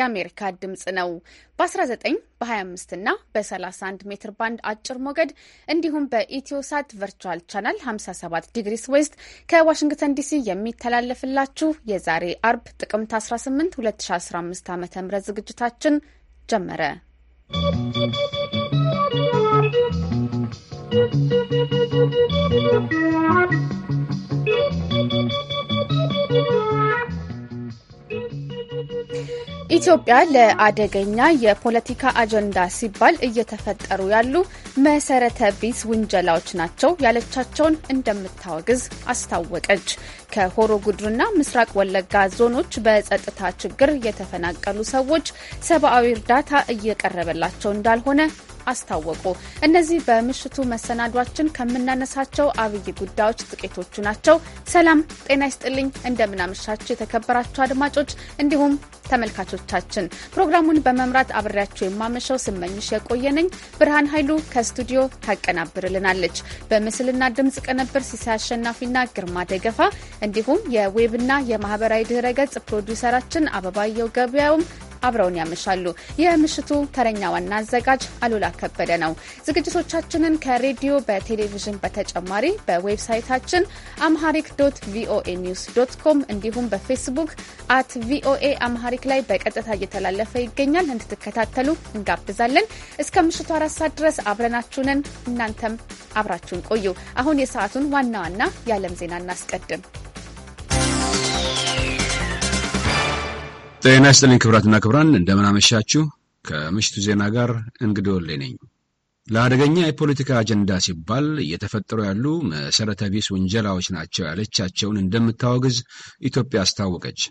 የአሜሪካ ድምፅ ነው። በ19 በ25 እና በ31 ሜትር ባንድ አጭር ሞገድ እንዲሁም በኢትዮሳት ቨርቹዋል ቻናል 57 ዲግሪስ ዌስት ከዋሽንግተን ዲሲ የሚተላለፍላችሁ የዛሬ አርብ ጥቅምት 18 2015 ዓ ም ዝግጅታችን ጀመረ። ¶¶ ኢትዮጵያ ለአደገኛ የፖለቲካ አጀንዳ ሲባል እየተፈጠሩ ያሉ መሰረተ ቢስ ውንጀላዎች ናቸው ያለቻቸውን እንደምታወግዝ አስታወቀች። ከሆሮ ጉድርና ምስራቅ ወለጋ ዞኖች በጸጥታ ችግር የተፈናቀሉ ሰዎች ሰብአዊ እርዳታ እየቀረበላቸው እንዳልሆነ አስታወቁ። እነዚህ በምሽቱ መሰናዷችን ከምናነሳቸው አብይ ጉዳዮች ጥቂቶቹ ናቸው። ሰላም ጤና ይስጥልኝ። እንደምናመሻችሁ የተከበራችሁ አድማጮች እንዲሁም ተመልካቾቻችን ፕሮግራሙን በመምራት አብሬያችሁ የማመሸው ስመኝሽ የቆየነኝ። ብርሃን ኃይሉ ከስቱዲዮ ታቀናብርልናለች። በምስልና ድምፅ ቅንብር ሲሳይ አሸናፊና ግርማ ደገፋ እንዲሁም የዌብና የማህበራዊ ድህረ ገጽ ፕሮዲውሰራችን አበባየው ገበያውም አብረውን ያመሻሉ። የምሽቱ ተረኛ ዋና አዘጋጅ አሉላ ከበደ ነው። ዝግጅቶቻችንን ከሬዲዮ በቴሌቪዥን በተጨማሪ በዌብሳይታችን አምሃሪክ ዶት ቪኦኤ ኒውስ ዶት ኮም እንዲሁም በፌስቡክ አት ቪኦኤ አምሃሪክ ላይ በቀጥታ እየተላለፈ ይገኛል። እንድትከታተሉ እንጋብዛለን። እስከ ምሽቱ አራት ሰዓት ድረስ አብረናችሁ ነን። እናንተም አብራችሁን ቆዩ። አሁን የሰዓቱን ዋና ዋና የዓለም ዜና እናስቀድም። ጤና ይስጥልኝ ክብራትና ክብራን፣ እንደምናመሻችሁ። ከምሽቱ ዜና ጋር እንግዶ ወሌ ነኝ። ለአደገኛ የፖለቲካ አጀንዳ ሲባል እየተፈጠሩ ያሉ መሰረተ ቢስ ውንጀላዎች ናቸው ያለቻቸውን እንደምታወግዝ ኢትዮጵያ አስታወቀች።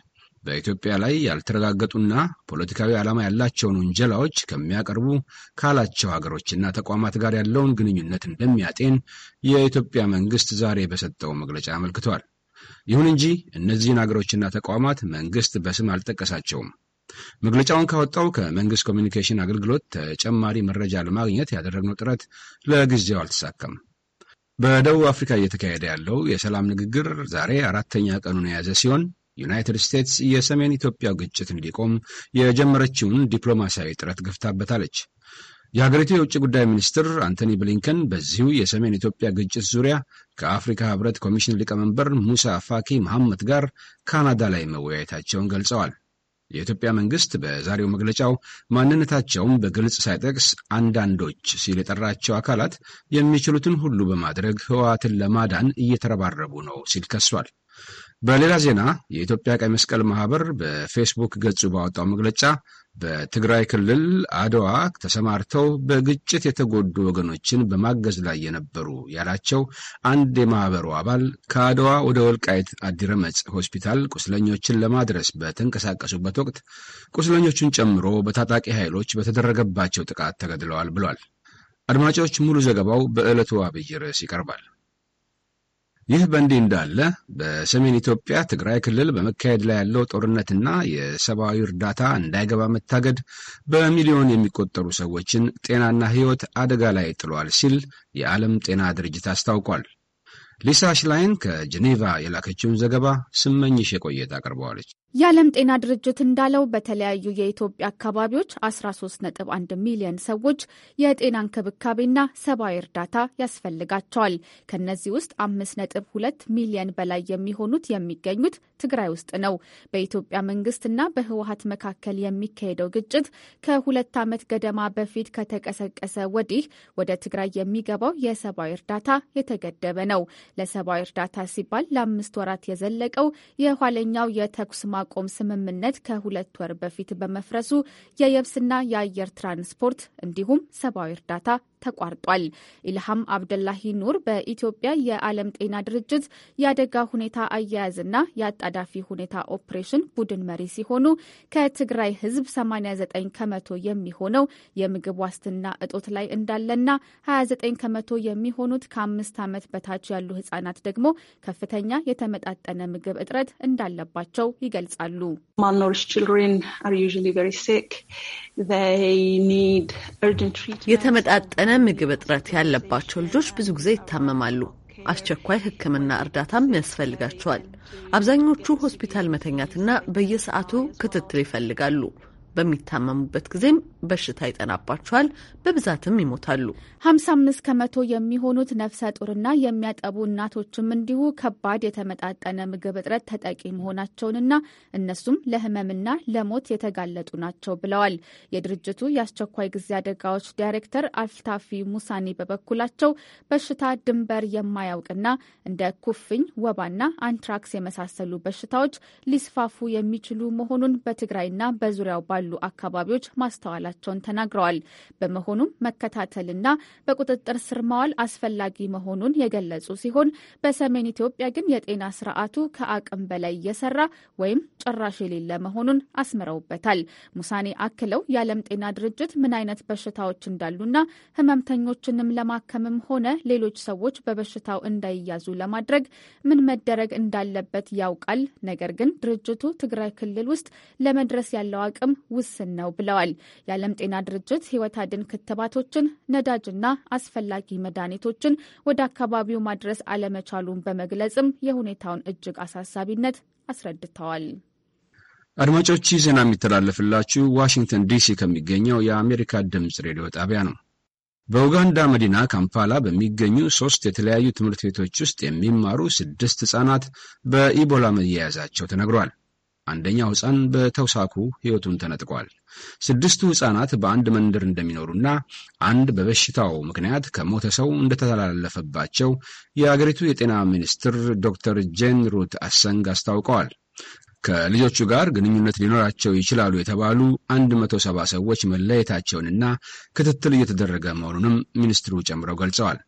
በኢትዮጵያ ላይ ያልተረጋገጡና ፖለቲካዊ ዓላማ ያላቸውን ውንጀላዎች ከሚያቀርቡ ካላቸው ሀገሮችና ተቋማት ጋር ያለውን ግንኙነት እንደሚያጤን የኢትዮጵያ መንግስት ዛሬ በሰጠው መግለጫ አመልክቷል። ይሁን እንጂ እነዚህን አገሮችና ተቋማት መንግስት በስም አልጠቀሳቸውም። መግለጫውን ካወጣው ከመንግስት ኮሚኒኬሽን አገልግሎት ተጨማሪ መረጃ ለማግኘት ያደረግነው ጥረት ለጊዜው አልተሳካም። በደቡብ አፍሪካ እየተካሄደ ያለው የሰላም ንግግር ዛሬ አራተኛ ቀኑን የያዘ ሲሆን ዩናይትድ ስቴትስ የሰሜን ኢትዮጵያው ግጭት እንዲቆም የጀመረችውን ዲፕሎማሲያዊ ጥረት ገፍታበታለች። የሀገሪቱ የውጭ ጉዳይ ሚኒስትር አንቶኒ ብሊንከን በዚሁ የሰሜን ኢትዮጵያ ግጭት ዙሪያ ከአፍሪካ ህብረት ኮሚሽን ሊቀመንበር ሙሳ ፋኪ መሐመት ጋር ካናዳ ላይ መወያየታቸውን ገልጸዋል። የኢትዮጵያ መንግስት በዛሬው መግለጫው ማንነታቸውን በግልጽ ሳይጠቅስ አንዳንዶች ሲል የጠራቸው አካላት የሚችሉትን ሁሉ በማድረግ ህወሓትን ለማዳን እየተረባረቡ ነው ሲል ከሷል። በሌላ ዜና የኢትዮጵያ ቀይ መስቀል ማህበር በፌስቡክ ገጹ ባወጣው መግለጫ በትግራይ ክልል አድዋ ተሰማርተው በግጭት የተጎዱ ወገኖችን በማገዝ ላይ የነበሩ ያላቸው አንድ የማህበሩ አባል ከአድዋ ወደ ወልቃይት አዲረመጽ ሆስፒታል ቁስለኞችን ለማድረስ በተንቀሳቀሱበት ወቅት ቁስለኞቹን ጨምሮ በታጣቂ ኃይሎች በተደረገባቸው ጥቃት ተገድለዋል ብሏል። አድማጮች፣ ሙሉ ዘገባው በዕለቱ አብይ ርዕስ ይቀርባል። ይህ በእንዲህ እንዳለ በሰሜን ኢትዮጵያ ትግራይ ክልል በመካሄድ ላይ ያለው ጦርነትና የሰብአዊ እርዳታ እንዳይገባ መታገድ በሚሊዮን የሚቆጠሩ ሰዎችን ጤናና ሕይወት አደጋ ላይ ጥሏል ሲል የዓለም ጤና ድርጅት አስታውቋል። ሊሳ ሽላይን ከጄኔቫ የላከችውን ዘገባ ስመኝሽ የቆየት አቅርበዋለች። የዓለም ጤና ድርጅት እንዳለው በተለያዩ የኢትዮጵያ አካባቢዎች 13.1 ሚሊዮን ሰዎች የጤና እንክብካቤና ሰብአዊ እርዳታ ያስፈልጋቸዋል። ከነዚህ ውስጥ 5.2 ሚሊዮን በላይ የሚሆኑት የሚገኙት ትግራይ ውስጥ ነው። በኢትዮጵያ መንግስትና በህወሀት መካከል የሚካሄደው ግጭት ከሁለት ዓመት ገደማ በፊት ከተቀሰቀሰ ወዲህ ወደ ትግራይ የሚገባው የሰብአዊ እርዳታ የተገደበ ነው። ለሰብአዊ እርዳታ ሲባል ለአምስት ወራት የዘለቀው የኋለኛው የተኩስ ማቆም ስምምነት ከሁለት ወር በፊት በመፍረሱ የየብስና የአየር ትራንስፖርት እንዲሁም ሰብአዊ እርዳታ ተቋርጧል። ኢልሃም አብደላሂ ኑር በኢትዮጵያ የዓለም ጤና ድርጅት የአደጋ ሁኔታ አያያዝና የአጣዳፊ ሁኔታ ኦፕሬሽን ቡድን መሪ ሲሆኑ ከትግራይ ሕዝብ 89 ከመቶ የሚሆነው የምግብ ዋስትና እጦት ላይ እንዳለና 29 ከመቶ የሚሆኑት ከአምስት ዓመት በታች ያሉ ህጻናት ደግሞ ከፍተኛ የተመጣጠነ ምግብ እጥረት እንዳለባቸው ይገልጻሉ። የተመጣጠነ የመጠነ ምግብ እጥረት ያለባቸው ልጆች ብዙ ጊዜ ይታመማሉ። አስቸኳይ ሕክምና እርዳታም ያስፈልጋቸዋል። አብዛኞቹ ሆስፒታል መተኛትና በየሰዓቱ ክትትል ይፈልጋሉ። በሚታመሙበት ጊዜም በሽታ ይጠናባቸዋል። በብዛትም ይሞታሉ። 55 ከመቶ የሚሆኑት ነፍሰ ጡርና የሚያጠቡ እናቶችም እንዲሁ ከባድ የተመጣጠነ ምግብ እጥረት ተጠቂ መሆናቸውንና እነሱም ለህመምና ለሞት የተጋለጡ ናቸው ብለዋል። የድርጅቱ የአስቸኳይ ጊዜ አደጋዎች ዳይሬክተር አልፍታፊ ሙሳኒ በበኩላቸው በሽታ ድንበር የማያውቅና እንደ ኩፍኝ፣ ወባና አንትራክስ የመሳሰሉ በሽታዎች ሊስፋፉ የሚችሉ መሆኑን በትግራይና በዙሪያው ባሉ ባሉ አካባቢዎች ማስተዋላቸውን ተናግረዋል። በመሆኑም መከታተልና በቁጥጥር ስር ማዋል አስፈላጊ መሆኑን የገለጹ ሲሆን በሰሜን ኢትዮጵያ ግን የጤና ስርዓቱ ከአቅም በላይ እየሰራ ወይም ጭራሽ የሌለ መሆኑን አስምረውበታል። ሙሳኔ አክለው የዓለም ጤና ድርጅት ምን አይነት በሽታዎች እንዳሉና ህመምተኞችንም ለማከምም ሆነ ሌሎች ሰዎች በበሽታው እንዳይያዙ ለማድረግ ምን መደረግ እንዳለበት ያውቃል። ነገር ግን ድርጅቱ ትግራይ ክልል ውስጥ ለመድረስ ያለው አቅም ውስን ነው ብለዋል። የዓለም ጤና ድርጅት ህይወት አድን ክትባቶችን፣ ነዳጅና አስፈላጊ መድኃኒቶችን ወደ አካባቢው ማድረስ አለመቻሉን በመግለጽም የሁኔታውን እጅግ አሳሳቢነት አስረድተዋል። አድማጮች ዜና የሚተላለፍላችሁ ዋሽንግተን ዲሲ ከሚገኘው የአሜሪካ ድምፅ ሬዲዮ ጣቢያ ነው። በኡጋንዳ መዲና ካምፓላ በሚገኙ ሶስት የተለያዩ ትምህርት ቤቶች ውስጥ የሚማሩ ስድስት ህጻናት በኢቦላ መያያዛቸው ተነግሯል። አንደኛው ህፃን በተውሳኩ ሕይወቱን ተነጥቋል። ስድስቱ ህፃናት በአንድ መንደር እንደሚኖሩና አንድ በበሽታው ምክንያት ከሞተ ሰው እንደተላለፈባቸው የአገሪቱ የጤና ሚኒስትር ዶክተር ጄን ሩት አሰንግ አስታውቀዋል። ከልጆቹ ጋር ግንኙነት ሊኖራቸው ይችላሉ የተባሉ 170 ሰዎች መለየታቸውንና ክትትል እየተደረገ መሆኑንም ሚኒስትሩ ጨምረው ገልጸዋል።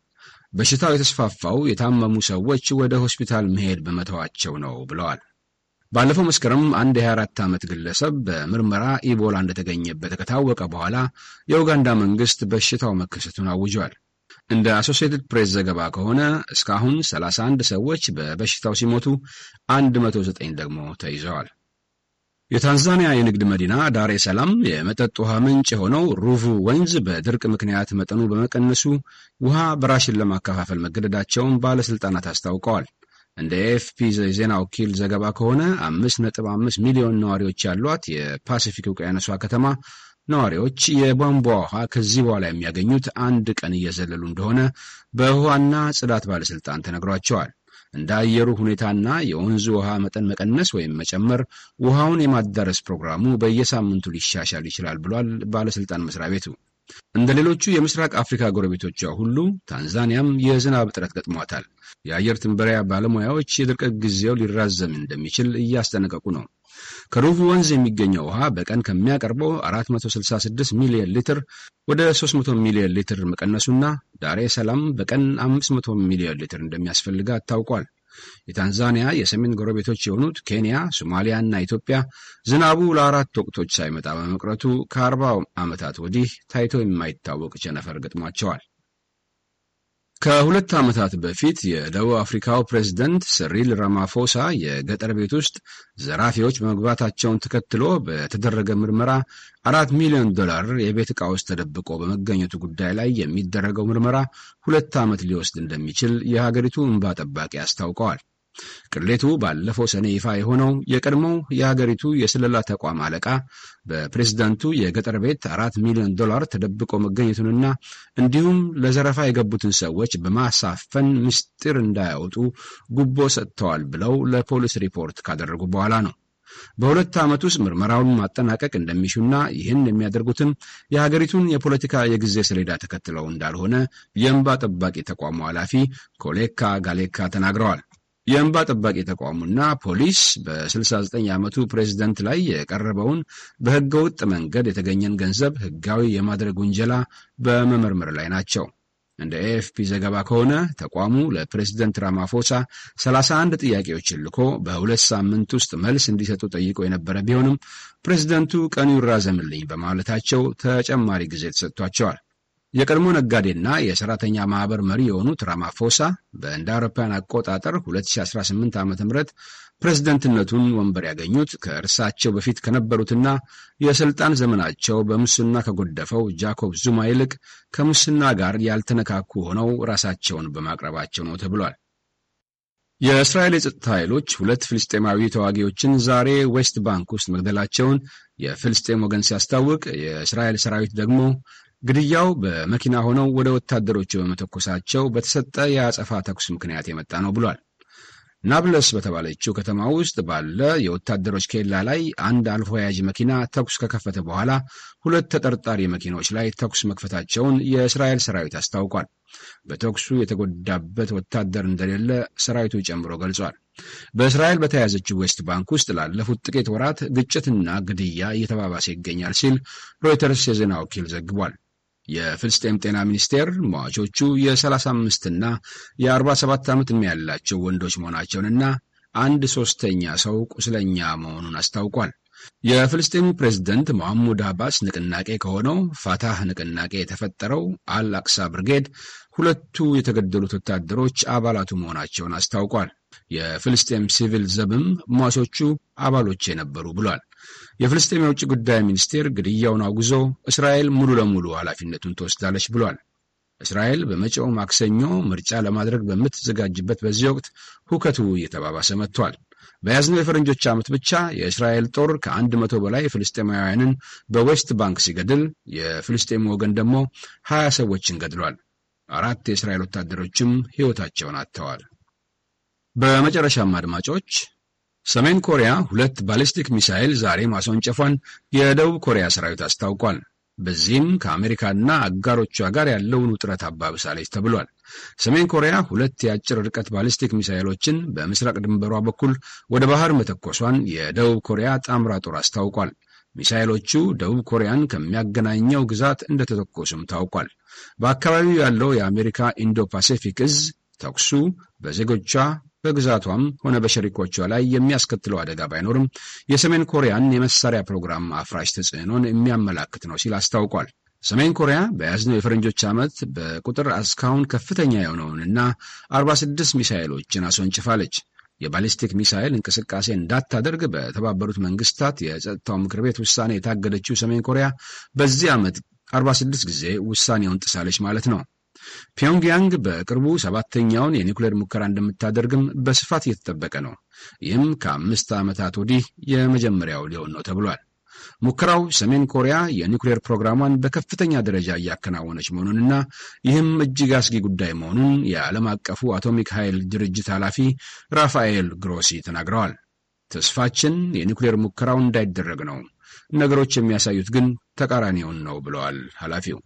በሽታው የተስፋፋው የታመሙ ሰዎች ወደ ሆስፒታል መሄድ በመተዋቸው ነው ብለዋል። ባለፈው መስከረም አንድ የ24 ዓመት ግለሰብ በምርመራ ኢቦላ እንደተገኘበት ከታወቀ በኋላ የኡጋንዳ መንግሥት በሽታው መከሰቱን አውጇል። እንደ አሶሲየትድ ፕሬስ ዘገባ ከሆነ እስካሁን 31 ሰዎች በበሽታው ሲሞቱ 109 ደግሞ ተይዘዋል። የታንዛኒያ የንግድ መዲና ዳሬ ሰላም የመጠጥ ውሃ ምንጭ የሆነው ሩቩ ወንዝ በድርቅ ምክንያት መጠኑ በመቀነሱ ውሃ በራሽን ለማከፋፈል መገደዳቸውን ባለሥልጣናት አስታውቀዋል። እንደ ኤፍፒ ዜና ወኪል ዘገባ ከሆነ አምስት ነጥብ አምስት ሚሊዮን ነዋሪዎች ያሏት የፓሲፊክ ውቅያኖሷ ከተማ ነዋሪዎች የቧንቧ ውሃ ከዚህ በኋላ የሚያገኙት አንድ ቀን እየዘለሉ እንደሆነ በውሃና ጽዳት ባለሥልጣን ተነግሯቸዋል። እንደ አየሩ ሁኔታና የወንዙ ውሃ መጠን መቀነስ ወይም መጨመር ውሃውን የማዳረስ ፕሮግራሙ በየሳምንቱ ሊሻሻል ይችላል ብሏል ባለሥልጣን መስሪያ ቤቱ። እንደ ሌሎቹ የምስራቅ አፍሪካ ጎረቤቶቿ ሁሉ ታንዛኒያም የዝናብ እጥረት ገጥሟታል። የአየር ትንበሪያ ባለሙያዎች የድርቀት ጊዜው ሊራዘም እንደሚችል እያስጠነቀቁ ነው። ከሩቭ ወንዝ የሚገኘው ውሃ በቀን ከሚያቀርበው 466 ሚሊዮን ሊትር ወደ 300 ሚሊዮን ሊትር መቀነሱና ዳሬ ሰላም በቀን 500 ሚሊዮን ሊትር እንደሚያስፈልጋ ታውቋል። የታንዛኒያ የሰሜን ጎረቤቶች የሆኑት ኬንያ፣ ሶማሊያ እና ኢትዮጵያ ዝናቡ ለአራት ወቅቶች ሳይመጣ በመቅረቱ ከ40 ዓመታት ወዲህ ታይቶ የማይታወቅ ቸነፈር ገጥሟቸዋል። ከሁለት ዓመታት በፊት የደቡብ አፍሪካው ፕሬዝደንት ስሪል ራማፎሳ የገጠር ቤት ውስጥ ዘራፊዎች መግባታቸውን ተከትሎ በተደረገ ምርመራ አራት ሚሊዮን ዶላር የቤት ዕቃ ውስጥ ተደብቆ በመገኘቱ ጉዳይ ላይ የሚደረገው ምርመራ ሁለት ዓመት ሊወስድ እንደሚችል የሀገሪቱ እንባ ጠባቂ አስታውቀዋል። ቅሌቱ ባለፈው ሰኔ ይፋ የሆነው የቀድሞው የሀገሪቱ የስለላ ተቋም አለቃ በፕሬዝዳንቱ የገጠር ቤት አራት ሚሊዮን ዶላር ተደብቆ መገኘቱንና እንዲሁም ለዘረፋ የገቡትን ሰዎች በማሳፈን ምስጢር እንዳያወጡ ጉቦ ሰጥተዋል ብለው ለፖሊስ ሪፖርት ካደረጉ በኋላ ነው። በሁለት ዓመት ውስጥ ምርመራውን ማጠናቀቅ እንደሚሹና ይህን የሚያደርጉትም የሀገሪቱን የፖለቲካ የጊዜ ሰሌዳ ተከትለው እንዳልሆነ የእንባ ጠባቂ ተቋሙ ኃላፊ ኮሌካ ጋሌካ ተናግረዋል። የእንባ ጠባቂ ተቋሙና ፖሊስ በ69 ዓመቱ ፕሬዝደንት ላይ የቀረበውን በሕገወጥ መንገድ የተገኘን ገንዘብ ሕጋዊ የማድረግ ውንጀላ በመመርመር ላይ ናቸው። እንደ ኤኤፍፒ ዘገባ ከሆነ ተቋሙ ለፕሬዝደንት ራማፎሳ 31 ጥያቄዎችን ልኮ በሁለት ሳምንት ውስጥ መልስ እንዲሰጡ ጠይቆ የነበረ ቢሆንም ፕሬዝደንቱ ቀኑ ይራዘምልኝ በማለታቸው ተጨማሪ ጊዜ ተሰጥቷቸዋል። የቀድሞ ነጋዴና የሰራተኛ ማህበር መሪ የሆኑት ራማፎሳ በእንደ አውሮፓውያን አቆጣጠር 2018 ዓ ም ፕሬዝደንትነቱን ወንበር ያገኙት ከእርሳቸው በፊት ከነበሩትና የሥልጣን ዘመናቸው በሙስና ከጎደፈው ጃኮብ ዙማ ይልቅ ከሙስና ጋር ያልተነካኩ ሆነው ራሳቸውን በማቅረባቸው ነው ተብሏል። የእስራኤል የጸጥታ ኃይሎች ሁለት ፍልስጤማዊ ተዋጊዎችን ዛሬ ዌስት ባንክ ውስጥ መግደላቸውን የፍልስጤም ወገን ሲያስታውቅ የእስራኤል ሰራዊት ደግሞ ግድያው በመኪና ሆነው ወደ ወታደሮቹ በመተኮሳቸው በተሰጠ የአጸፋ ተኩስ ምክንያት የመጣ ነው ብሏል። ናብለስ በተባለችው ከተማ ውስጥ ባለ የወታደሮች ኬላ ላይ አንድ አልፎ ያዥ መኪና ተኩስ ከከፈተ በኋላ ሁለት ተጠርጣሪ መኪኖች ላይ ተኩስ መክፈታቸውን የእስራኤል ሰራዊት አስታውቋል። በተኩሱ የተጎዳበት ወታደር እንደሌለ ሰራዊቱ ጨምሮ ገልጿል። በእስራኤል በተያያዘችው ዌስት ባንክ ውስጥ ላለፉት ጥቂት ወራት ግጭትና ግድያ እየተባባሰ ይገኛል ሲል ሮይተርስ የዜና ወኪል ዘግቧል። የፍልስጤም ጤና ሚኒስቴር ሟቾቹ የ35 እና የ47 ዓመት ዕድሜ ያላቸው ወንዶች መሆናቸውንና አንድ ሦስተኛ ሰው ቁስለኛ መሆኑን አስታውቋል። የፍልስጤም ፕሬዝደንት መሐሙድ አባስ ንቅናቄ ከሆነው ፋታህ ንቅናቄ የተፈጠረው አል አቅሳ ብርጌድ ሁለቱ የተገደሉት ወታደሮች አባላቱ መሆናቸውን አስታውቋል። የፍልስጤም ሲቪል ዘብም ሟቾቹ አባሎች የነበሩ ብሏል። የፍልስጤም የውጭ ጉዳይ ሚኒስቴር ግድያውን አውግዞ እስራኤል ሙሉ ለሙሉ ኃላፊነቱን ትወስዳለች ብሏል። እስራኤል በመጪው ማክሰኞ ምርጫ ለማድረግ በምትዘጋጅበት በዚህ ወቅት ሁከቱ እየተባባሰ መጥቷል። በያዝነው የፈረንጆች ዓመት ብቻ የእስራኤል ጦር ከአንድ መቶ በላይ ፍልስጤማውያንን በዌስት ባንክ ሲገድል የፍልስጤም ወገን ደግሞ ሀያ ሰዎችን ገድሏል። አራት የእስራኤል ወታደሮችም ሕይወታቸውን አጥተዋል። በመጨረሻም አድማጮች ሰሜን ኮሪያ ሁለት ባሊስቲክ ሚሳይል ዛሬ ማስወንጨፏን የደቡብ ኮሪያ ሰራዊት አስታውቋል። በዚህም ከአሜሪካና አጋሮቿ ጋር ያለውን ውጥረት አባብሳለች ተብሏል። ሰሜን ኮሪያ ሁለት የአጭር ርቀት ባሊስቲክ ሚሳይሎችን በምስራቅ ድንበሯ በኩል ወደ ባህር መተኮሷን የደቡብ ኮሪያ ጣምራ ጦር አስታውቋል። ሚሳይሎቹ ደቡብ ኮሪያን ከሚያገናኘው ግዛት እንደተተኮሱም ታውቋል። በአካባቢው ያለው የአሜሪካ ኢንዶ ፓሲፊክ እዝ ተኩሱ በዜጎቿ በግዛቷም ሆነ በሸሪኮቿ ላይ የሚያስከትለው አደጋ ባይኖርም የሰሜን ኮሪያን የመሳሪያ ፕሮግራም አፍራሽ ተጽዕኖን የሚያመላክት ነው ሲል አስታውቋል። ሰሜን ኮሪያ በያዝነው የፈረንጆች ዓመት በቁጥር እስካሁን ከፍተኛ የሆነውንና 46 ሚሳይሎችን አስወንጭፋለች። የባሊስቲክ ሚሳይል እንቅስቃሴ እንዳታደርግ በተባበሩት መንግስታት የጸጥታው ምክር ቤት ውሳኔ የታገደችው ሰሜን ኮሪያ በዚህ ዓመት 46 ጊዜ ውሳኔውን ጥሳለች ማለት ነው። ፒዮንግያንግ በቅርቡ ሰባተኛውን የኒውክሌር ሙከራ እንደምታደርግም በስፋት እየተጠበቀ ነው። ይህም ከአምስት ዓመታት ወዲህ የመጀመሪያው ሊሆን ነው ተብሏል። ሙከራው ሰሜን ኮሪያ የኒውክሌር ፕሮግራሟን በከፍተኛ ደረጃ እያከናወነች መሆኑንና ይህም እጅግ አስጊ ጉዳይ መሆኑን የዓለም አቀፉ አቶሚክ ኃይል ድርጅት ኃላፊ ራፋኤል ግሮሲ ተናግረዋል። ተስፋችን የኒውክሌር ሙከራው እንዳይደረግ ነው፣ ነገሮች የሚያሳዩት ግን ተቃራኒውን ነው ብለዋል ኃላፊው።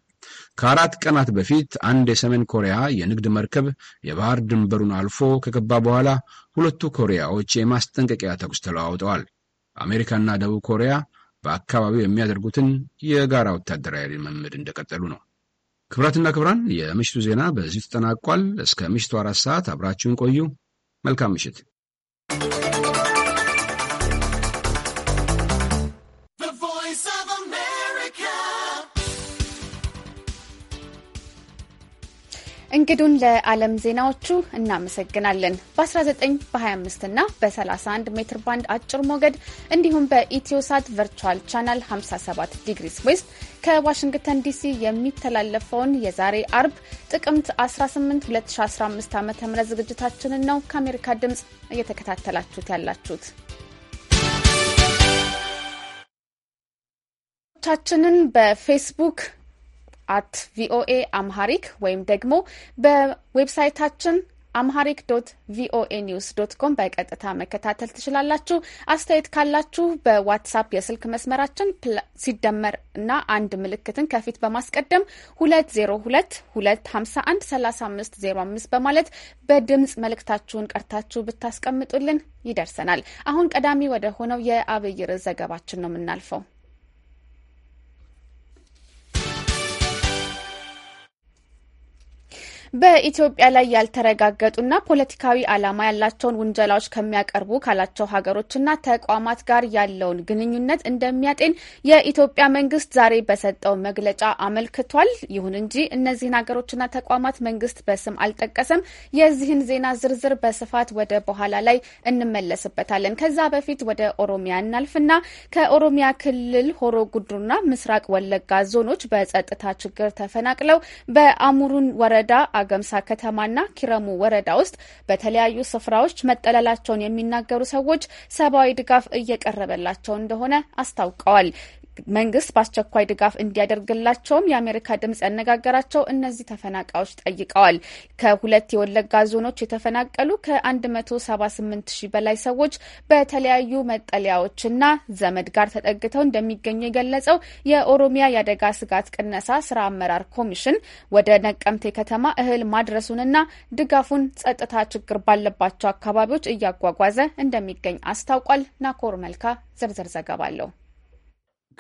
ከአራት ቀናት በፊት አንድ የሰሜን ኮሪያ የንግድ መርከብ የባህር ድንበሩን አልፎ ከገባ በኋላ ሁለቱ ኮሪያዎች የማስጠንቀቂያ ተኩስ ተለዋውጠዋል። አሜሪካና ደቡብ ኮሪያ በአካባቢው የሚያደርጉትን የጋራ ወታደራዊ ልምምድ እንደቀጠሉ ነው። ክብራትና ክብራን የምሽቱ ዜና በዚሁ ተጠናቋል። እስከ ምሽቱ አራት ሰዓት አብራችሁን ቆዩ። መልካም ምሽት። እንግዱን ለዓለም ዜናዎቹ እናመሰግናለን። በ19 በ25 እና በ31 ሜትር ባንድ አጭር ሞገድ እንዲሁም በኢትዮሳት ቨርቹዋል ቻናል 57 ዲግሪስ ዌስት ከዋሽንግተን ዲሲ የሚተላለፈውን የዛሬ አርብ ጥቅምት 18 2015 ዓ ም ዝግጅታችንን ነው ከአሜሪካ ድምፅ እየተከታተላችሁት ያላችሁት። ቻችንን በፌስቡክ አት ቪኦኤ አምሃሪክ ወይም ደግሞ በዌብሳይታችን አምሃሪክ ዶት ቪኦኤ ኒውስ ዶት ኮም በቀጥታ መከታተል ትችላላችሁ። አስተያየት ካላችሁ በዋትሳፕ የስልክ መስመራችን ሲደመር እና አንድ ምልክትን ከፊት በማስቀደም ሁለት ዜሮ ሁለት ሁለት ሀምሳ አንድ ሰላሳ አምስት ዜሮ አምስት በማለት በድምጽ መልእክታችሁን ቀርታችሁ ብታስቀምጡልን ይደርሰናል። አሁን ቀዳሚ ወደ ሆነው የአብይር ዘገባችን ነው የምናልፈው። በኢትዮጵያ ላይ ያልተረጋገጡና ፖለቲካዊ ዓላማ ያላቸውን ውንጀላዎች ከሚያቀርቡ ካላቸው ሀገሮችና ተቋማት ጋር ያለውን ግንኙነት እንደሚያጤን የኢትዮጵያ መንግስት ዛሬ በሰጠው መግለጫ አመልክቷል። ይሁን እንጂ እነዚህን ሀገሮችና ተቋማት መንግስት በስም አልጠቀሰም። የዚህን ዜና ዝርዝር በስፋት ወደ በኋላ ላይ እንመለስበታለን። ከዛ በፊት ወደ ኦሮሚያ እናልፍና ከኦሮሚያ ክልል ሆሮ ጉድሩና ምስራቅ ወለጋ ዞኖች በጸጥታ ችግር ተፈናቅለው በአሙሩን ወረዳ ገምሳ ከተማና ኪረሙ ወረዳ ውስጥ በተለያዩ ስፍራዎች መጠለላቸውን የሚናገሩ ሰዎች ሰብአዊ ድጋፍ እየቀረበላቸው እንደሆነ አስታውቀዋል። መንግስት በአስቸኳይ ድጋፍ እንዲያደርግላቸውም የአሜሪካ ድምጽ ያነጋገራቸው እነዚህ ተፈናቃዮች ጠይቀዋል። ከሁለት የወለጋ ዞኖች የተፈናቀሉ ከ178 ሺህ በላይ ሰዎች በተለያዩ መጠለያዎችና ዘመድ ጋር ተጠግተው እንደሚገኙ የገለጸው የኦሮሚያ የአደጋ ስጋት ቅነሳ ስራ አመራር ኮሚሽን ወደ ነቀምቴ ከተማ እህል ማድረሱንና ድጋፉን ጸጥታ ችግር ባለባቸው አካባቢዎች እያጓጓዘ እንደሚገኝ አስታውቋል። ናኮር መልካ ዝርዝር ዘገባ አለው።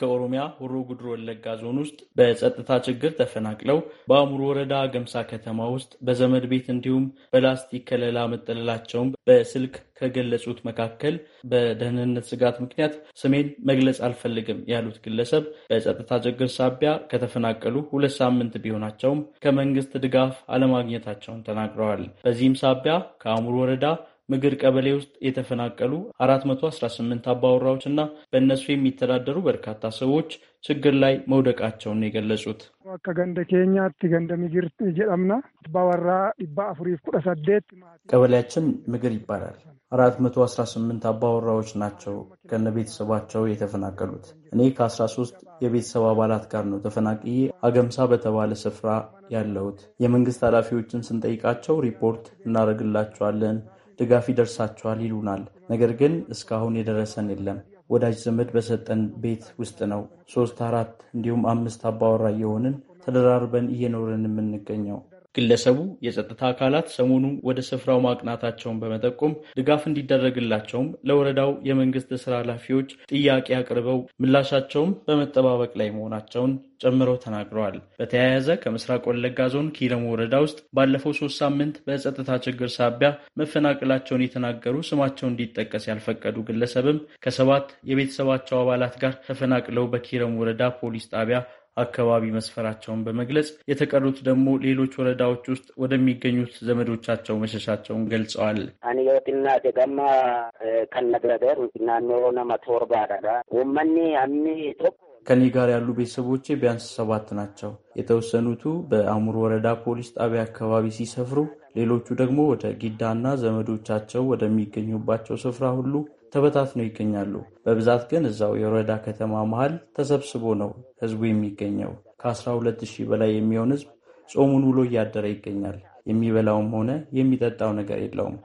ከኦሮሚያ ሆሮ ጉድሮ ወለጋ ዞን ውስጥ በጸጥታ ችግር ተፈናቅለው በአሙር ወረዳ ገምሳ ከተማ ውስጥ በዘመድ ቤት እንዲሁም በላስቲክ ከለላ መጠለላቸውን በስልክ ከገለጹት መካከል በደህንነት ስጋት ምክንያት ስሜን መግለጽ አልፈልግም ያሉት ግለሰብ በጸጥታ ችግር ሳቢያ ከተፈናቀሉ ሁለት ሳምንት ቢሆናቸውም ከመንግስት ድጋፍ አለማግኘታቸውን ተናግረዋል። በዚህም ሳቢያ ከአሙር ወረዳ ምግር ቀበሌ ውስጥ የተፈናቀሉ 418 አባወራዎች እና በእነሱ የሚተዳደሩ በርካታ ሰዎች ችግር ላይ መውደቃቸውን የገለጹት ኬኛ ኬኛት ገንደ ምግር ጀምና ባወራ ባ አፍሪ ኩደ ሰዴት ቀበሌያችን ምግር ይባላል። 418 አባወራዎች ናቸው ከነ ቤተሰባቸው የተፈናቀሉት። እኔ ከ13 የቤተሰብ አባላት ጋር ነው ተፈናቅዬ አገምሳ በተባለ ስፍራ ያለሁት። የመንግስት ኃላፊዎችን ስንጠይቃቸው ሪፖርት እናደርግላቸዋለን ድጋፍ ይደርሳቸዋል ይሉናል። ነገር ግን እስካሁን የደረሰን የለም። ወዳጅ ዘመድ በሰጠን ቤት ውስጥ ነው ሶስት አራት እንዲሁም አምስት አባወራ እየሆንን ተደራርበን እየኖርን የምንገኘው። ግለሰቡ የጸጥታ አካላት ሰሞኑን ወደ ስፍራው ማቅናታቸውን በመጠቆም ድጋፍ እንዲደረግላቸውም ለወረዳው የመንግስት ስራ ኃላፊዎች ጥያቄ አቅርበው ምላሻቸውም በመጠባበቅ ላይ መሆናቸውን ጨምረው ተናግረዋል። በተያያዘ ከምስራቅ ወለጋ ዞን ኪረሙ ወረዳ ውስጥ ባለፈው ሶስት ሳምንት በጸጥታ ችግር ሳቢያ መፈናቀላቸውን የተናገሩ ስማቸው እንዲጠቀስ ያልፈቀዱ ግለሰብም ከሰባት የቤተሰባቸው አባላት ጋር ተፈናቅለው በኪረሙ ወረዳ ፖሊስ ጣቢያ አካባቢ መስፈራቸውን በመግለጽ የተቀሩት ደግሞ ሌሎች ወረዳዎች ውስጥ ወደሚገኙት ዘመዶቻቸው መሸሻቸውን ገልጸዋል። ከኔ ጋር ያሉ ቤተሰቦቼ ቢያንስ ሰባት ናቸው። የተወሰኑቱ በአሙር ወረዳ ፖሊስ ጣቢያ አካባቢ ሲሰፍሩ፣ ሌሎቹ ደግሞ ወደ ጊዳና ዘመዶቻቸው ወደሚገኙባቸው ስፍራ ሁሉ ተበታትነው ይገኛሉ። በብዛት ግን እዛው የወረዳ ከተማ መሃል ተሰብስቦ ነው ህዝቡ የሚገኘው። ከ12 ሺህ በላይ የሚሆን ህዝብ ጾሙን ውሎ እያደረ ይገኛል። የሚበላውም ሆነ የሚጠጣው ነገር የለውም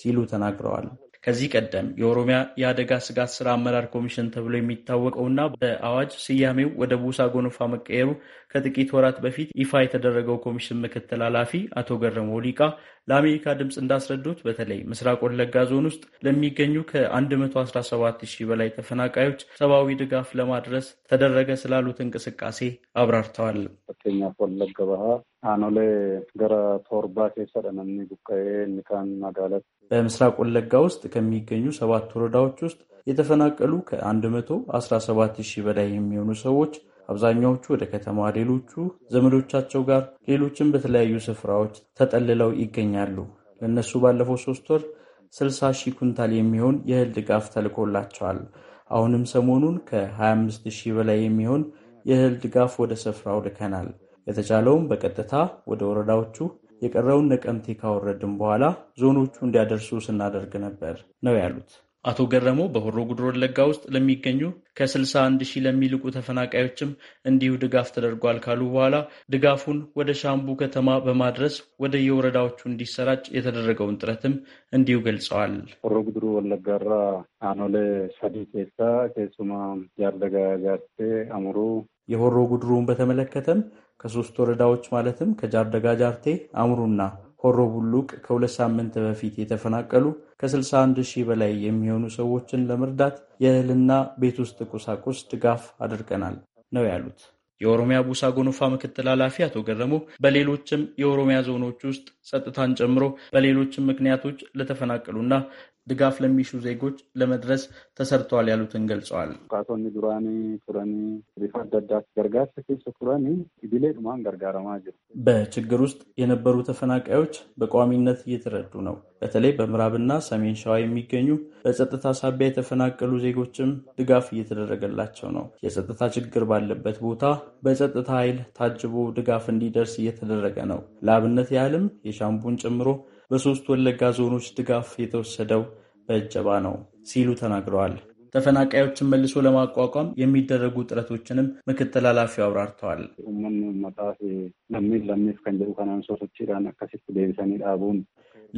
ሲሉ ተናግረዋል። ከዚህ ቀደም የኦሮሚያ የአደጋ ስጋት ስራ አመራር ኮሚሽን ተብሎ የሚታወቀውና በአዋጅ ስያሜው ወደ ቡሳ ጎንፋ መቀየሩ ከጥቂት ወራት በፊት ይፋ የተደረገው ኮሚሽን ምክትል ኃላፊ አቶ ገረመ ሊቃ ለአሜሪካ ድምፅ እንዳስረዱት በተለይ ምስራቅ ወለጋ ዞን ውስጥ ለሚገኙ ከ117 ሺህ በላይ ተፈናቃዮች ሰብአዊ ድጋፍ ለማድረስ ተደረገ ስላሉት እንቅስቃሴ አብራርተዋል። ገራ ቶርባ በምስራቅ ወለጋ ውስጥ ከሚገኙ ሰባት ወረዳዎች ውስጥ የተፈናቀሉ ከ117 ሺህ በላይ የሚሆኑ ሰዎች አብዛኛዎቹ ወደ ከተማ፣ ሌሎቹ ዘመዶቻቸው ጋር፣ ሌሎችም በተለያዩ ስፍራዎች ተጠልለው ይገኛሉ። ለእነሱ ባለፈው ሶስት ወር 60 ሺህ ኩንታል የሚሆን የእህል ድጋፍ ተልኮላቸዋል። አሁንም ሰሞኑን ከ25 ሺህ በላይ የሚሆን የእህል ድጋፍ ወደ ስፍራው ልከናል። የተቻለውም በቀጥታ ወደ ወረዳዎቹ የቀረውን ነቀምቴ ካወረድን በኋላ ዞኖቹ እንዲያደርሱ ስናደርግ ነበር ነው ያሉት። አቶ ገረሞ በሆሮ ጉድሮ ወለጋ ውስጥ ለሚገኙ ከ61 ሺህ ለሚልቁ ተፈናቃዮችም እንዲሁ ድጋፍ ተደርጓል ካሉ በኋላ ድጋፉን ወደ ሻምቡ ከተማ በማድረስ ወደ የወረዳዎቹ እንዲሰራጭ የተደረገውን ጥረትም እንዲሁ ገልጸዋል። ሆሮ ጉድሮ ወለጋራ አኖሌ ሰዲ ኬሳ ኬሱማ ያደጋ ጋርቴ አምሮ የሆሮ ጉድሩን በተመለከተም ከሶስት ወረዳዎች ማለትም ከጃርደጋ ጃርቴ፣ አምሩና ሆሮ ቡሉቅ ከሁለት ሳምንት በፊት የተፈናቀሉ ከ61 ሺህ በላይ የሚሆኑ ሰዎችን ለመርዳት የእህልና ቤት ውስጥ ቁሳቁስ ድጋፍ አድርገናል ነው ያሉት። የኦሮሚያ ቡሳ ጎኖፋ ምክትል ኃላፊ አቶ ገረሙ በሌሎችም የኦሮሚያ ዞኖች ውስጥ ጸጥታን ጨምሮ በሌሎችም ምክንያቶች ለተፈናቀሉና ድጋፍ ለሚሹ ዜጎች ለመድረስ ተሰርተዋል ያሉትን ገልጸዋል። በችግር ውስጥ የነበሩ ተፈናቃዮች በቋሚነት እየተረዱ ነው። በተለይ በምዕራብና ሰሜን ሸዋ የሚገኙ በጸጥታ ሳቢያ የተፈናቀሉ ዜጎችም ድጋፍ እየተደረገላቸው ነው። የጸጥታ ችግር ባለበት ቦታ በጸጥታ ኃይል ታጅቦ ድጋፍ እንዲደርስ እየተደረገ ነው። ለአብነት ያህልም የሻምቡን ጨምሮ በሶስት ወለጋ ዞኖች ድጋፍ የተወሰደው በእጀባ ነው ሲሉ ተናግረዋል። ተፈናቃዮችን መልሶ ለማቋቋም የሚደረጉ ጥረቶችንም ምክትል ኃላፊው አብራርተዋል።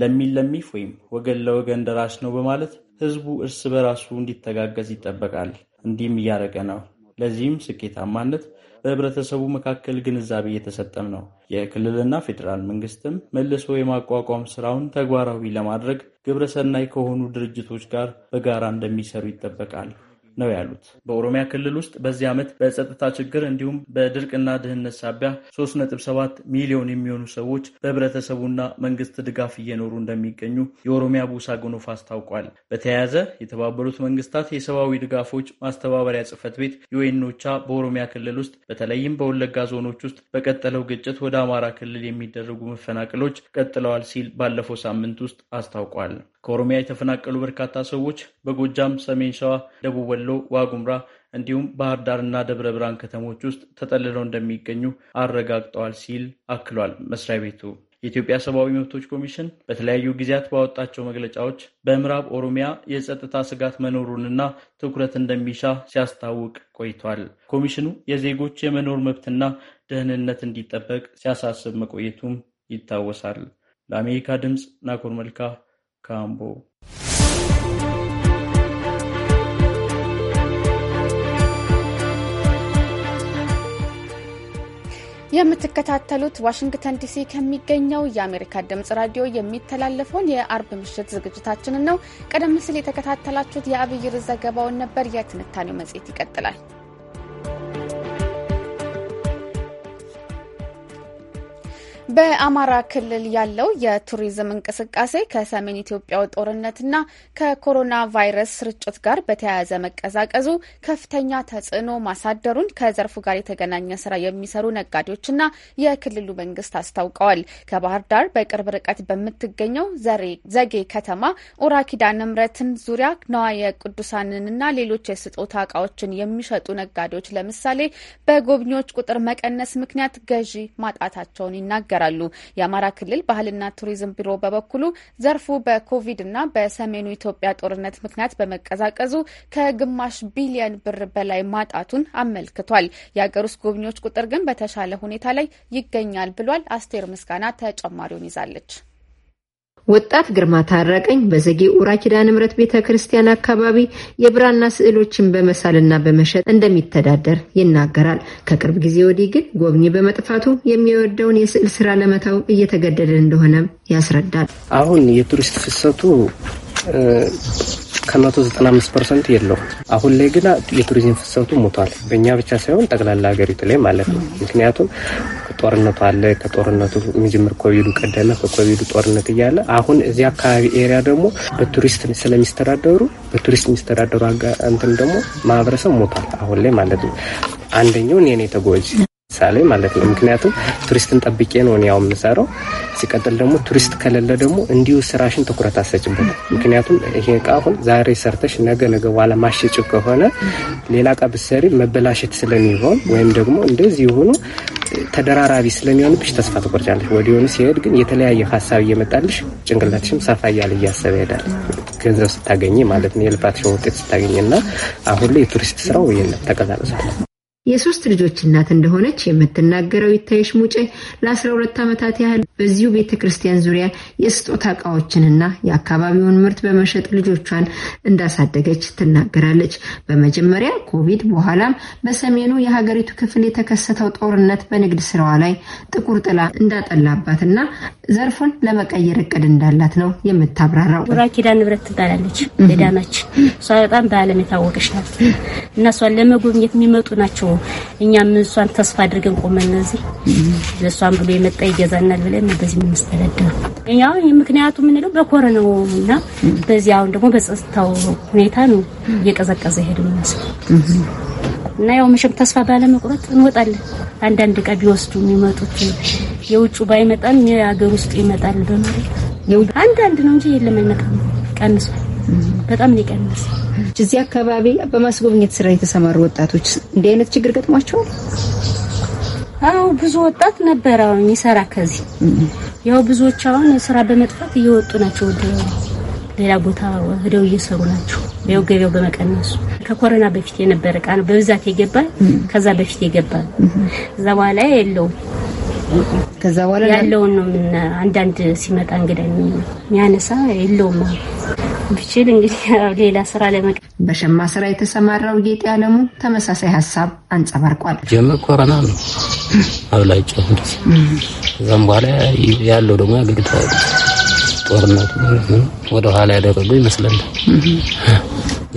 ለሚል ለሚፍ ወይም ወገን ለወገን ደራሽ ነው በማለት ህዝቡ እርስ በራሱ እንዲተጋገዝ ይጠበቃል። እንዲህም እያደረገ ነው። ለዚህም ስኬታማነት በህብረተሰቡ መካከል ግንዛቤ እየተሰጠም ነው። የክልልና ፌዴራል መንግስትም መልሶ የማቋቋም ስራውን ተግባራዊ ለማድረግ ግብረሰናይ ከሆኑ ድርጅቶች ጋር በጋራ እንደሚሰሩ ይጠበቃል። ነው ያሉት። በኦሮሚያ ክልል ውስጥ በዚህ ዓመት በጸጥታ ችግር እንዲሁም በድርቅና ድህነት ሳቢያ 3.7 ሚሊዮን የሚሆኑ ሰዎች በህብረተሰቡና መንግስት ድጋፍ እየኖሩ እንደሚገኙ የኦሮሚያ ቡሳ ጎኖፍ አስታውቋል። በተያያዘ የተባበሩት መንግስታት የሰብአዊ ድጋፎች ማስተባበሪያ ጽህፈት ቤት ዩኤኖቻ በኦሮሚያ ክልል ውስጥ በተለይም በወለጋ ዞኖች ውስጥ በቀጠለው ግጭት ወደ አማራ ክልል የሚደረጉ መፈናቀሎች ቀጥለዋል ሲል ባለፈው ሳምንት ውስጥ አስታውቋል። ከኦሮሚያ የተፈናቀሉ በርካታ ሰዎች በጎጃም፣ ሰሜን ሸዋ፣ ደቡብ ወሎ፣ ዋጉምራ እንዲሁም ባህር ዳርና ደብረ ብርሃን ከተሞች ውስጥ ተጠልለው እንደሚገኙ አረጋግጠዋል ሲል አክሏል መስሪያ ቤቱ። የኢትዮጵያ ሰብአዊ መብቶች ኮሚሽን በተለያዩ ጊዜያት ባወጣቸው መግለጫዎች በምዕራብ ኦሮሚያ የጸጥታ ስጋት መኖሩንና ትኩረት እንደሚሻ ሲያስታውቅ ቆይቷል። ኮሚሽኑ የዜጎች የመኖር መብትና ደህንነት እንዲጠበቅ ሲያሳስብ መቆየቱም ይታወሳል። ለአሜሪካ ድምፅ ናኮር መልካ ካምቦ የምትከታተሉት ዋሽንግተን ዲሲ ከሚገኘው የአሜሪካ ድምጽ ራዲዮ የሚተላለፈውን የአርብ ምሽት ዝግጅታችንን ነው። ቀደም ሲል የተከታተላችሁት የአብይር ዘገባውን ነበር። የትንታኔው መጽሔት ይቀጥላል። በአማራ ክልል ያለው የቱሪዝም እንቅስቃሴ ከሰሜን ኢትዮጵያው ጦርነትና ከኮሮና ቫይረስ ስርጭት ጋር በተያያዘ መቀዛቀዙ ከፍተኛ ተጽዕኖ ማሳደሩን ከዘርፉ ጋር የተገናኘ ስራ የሚሰሩ ነጋዴዎችና የክልሉ መንግስት አስታውቀዋል። ከባህር ዳር በቅርብ ርቀት በምትገኘው ዘጌ ከተማ ኡራኪዳ ንምረትን ዙሪያ ነዋየ ቅዱሳንንና ሌሎች የስጦታ እቃዎችን የሚሸጡ ነጋዴዎች ለምሳሌ በጎብኚዎች ቁጥር መቀነስ ምክንያት ገዢ ማጣታቸውን ይናገራል። ይናገራሉ። የአማራ ክልል ባህልና ቱሪዝም ቢሮ በበኩሉ ዘርፉ በኮቪድና በሰሜኑ ኢትዮጵያ ጦርነት ምክንያት በመቀዛቀዙ ከግማሽ ቢሊየን ብር በላይ ማጣቱን አመልክቷል። የአገር ውስጥ ጎብኚዎች ቁጥር ግን በተሻለ ሁኔታ ላይ ይገኛል ብሏል። አስቴር ምስጋና ተጨማሪውን ይዛለች። ወጣት ግርማ ታረቀኝ በዘጌ ኡራ ኪዳነ ምሕረት ቤተ ክርስቲያን አካባቢ የብራና ስዕሎችን በመሳልና በመሸጥ እንደሚተዳደር ይናገራል። ከቅርብ ጊዜ ወዲህ ግን ጎብኚ በመጥፋቱ የሚወደውን የስዕል ስራ ለመተው እየተገደደ እንደሆነም ያስረዳል። አሁን የቱሪስት ፍሰቱ ከመቶ ዘጠና አምስት ፐርሰንት የለውም። አሁን ላይ ግን የቱሪዝም ፍሰቱ ሞቷል። በእኛ ብቻ ሳይሆን ጠቅላላ ሀገሪቱ ላይ ማለት ነው። ምክንያቱም ጦርነቱ አለ። ከጦርነቱ የሚጀምር ኮቪዱ ቀደመ፣ ከኮቪዱ ጦርነት እያለ አሁን እዚህ አካባቢ ኤሪያ ደግሞ በቱሪስት ስለሚስተዳደሩ በቱሪስት የሚስተዳደሩ እንትን ደግሞ ማህበረሰብ ሞቷል አሁን ላይ ማለት ነው። አንደኛው እኔ ነኝ ተጎጂ። ሳሌ ማለት ነው። ምክንያቱም ቱሪስትን ጠብቄ ነው ያው የምሰራው። ሲቀጥል ደግሞ ቱሪስት ከሌለ ደግሞ እንዲሁ ስራሽን ትኩረት አሰጭበት። ምክንያቱም ይሄ እቃ አሁን ዛሬ ሰርተሽ ነገ ነገ በኋላ ማሸጭው ከሆነ ሌላ እቃ ብትሰሪ መበላሸት ስለሚሆን ወይም ደግሞ እንደዚህ የሆኑ ተደራራቢ ስለሚሆንብሽ ተስፋ ትቆርጫለሽ። ወዲሆኑ ሲሄድ ግን የተለያየ ሀሳብ እየመጣልሽ ጭንቅላትሽም ሰፋ እያለ እያሰበ ይሄዳል። ገንዘብ ስታገኝ ማለት ነው የልፋትሽን ውጤት ስታገኝና አሁን ላይ የቱሪስት ስራው ተቀዛቅዟል። የሶስት ልጆች እናት እንደሆነች የምትናገረው ይታየሽ ሙጬ ለ12 ዓመታት ያህል በዚሁ ቤተ ክርስቲያን ዙሪያ የስጦታ እቃዎችንና የአካባቢውን ምርት በመሸጥ ልጆቿን እንዳሳደገች ትናገራለች። በመጀመሪያ ኮቪድ፣ በኋላም በሰሜኑ የሀገሪቱ ክፍል የተከሰተው ጦርነት በንግድ ስራዋ ላይ ጥቁር ጥላ እንዳጠላባትና ዘርፉን ለመቀየር እቅድ እንዳላት ነው የምታብራራው። ራ ኪዳን ንብረት ትባላለች። ገዳማችን እሷ በጣም በዓለም የታወቀች ናት እና እሷን ለመጎብኘት የሚመጡ ናቸው እኛም እሷን ተስፋ አድርገን ቆመን እዚህ ለእሷን ብሎ የመጣ ይገዛናል ብለን በዚህ የምንስተዳደረው እኛ ምክንያቱ የምንለው ነው እና በዚህ አሁን ደግሞ በጸጥታው ሁኔታ ነው እየቀዘቀዘ ሄደ ይመስል እና ያው መቼም ተስፋ ባለመቁረጥ እንወጣለን። አንዳንድ ዕቃ ቢወስዱ የሚመጡት የውጩ ባይመጣም የሀገር ውስጥ ይመጣል በማለት አንዳንድ ነው እንጂ የለም አይመጣም፣ ቀንሷል። በጣም ሊቀንስ እዚህ አካባቢ በማስጎብኘት ስራ የተሰማሩ ወጣቶች እንዲህ አይነት ችግር ገጥሟቸው? አዎ ብዙ ወጣት ነበረ ይሰራ ከዚህ ያው ብዙዎች አሁን ስራ በመጥፋት እየወጡ ናቸው ወደ ሌላ ቦታ ሄደው እየሰሩ ናቸው። ያው ገቢያው በመቀነሱ ከኮረና በፊት የነበረ እቃ ነው በብዛት የገባል። ከዛ በፊት የገባል። እዛ በኋላ የለውም። ከዛ በኋላ ያለውን ነው ምን አንዳንድ ሲመጣ እንግዳ የሚያነሳ የለውም። ብችል እንግዲህ ሌላ ስራ ለመቀ በሸማ ስራ የተሰማራው ጌጤ አለሙ ተመሳሳይ ሀሳብ አንጸባርቋል። ጀመር ኮረና ነው አብላጫው እንደዚህ። ከዛም በኋላ ያለው ደግሞ ያገድታ ጦርነቱ ወደኋላ ያደረገው ይመስለናል።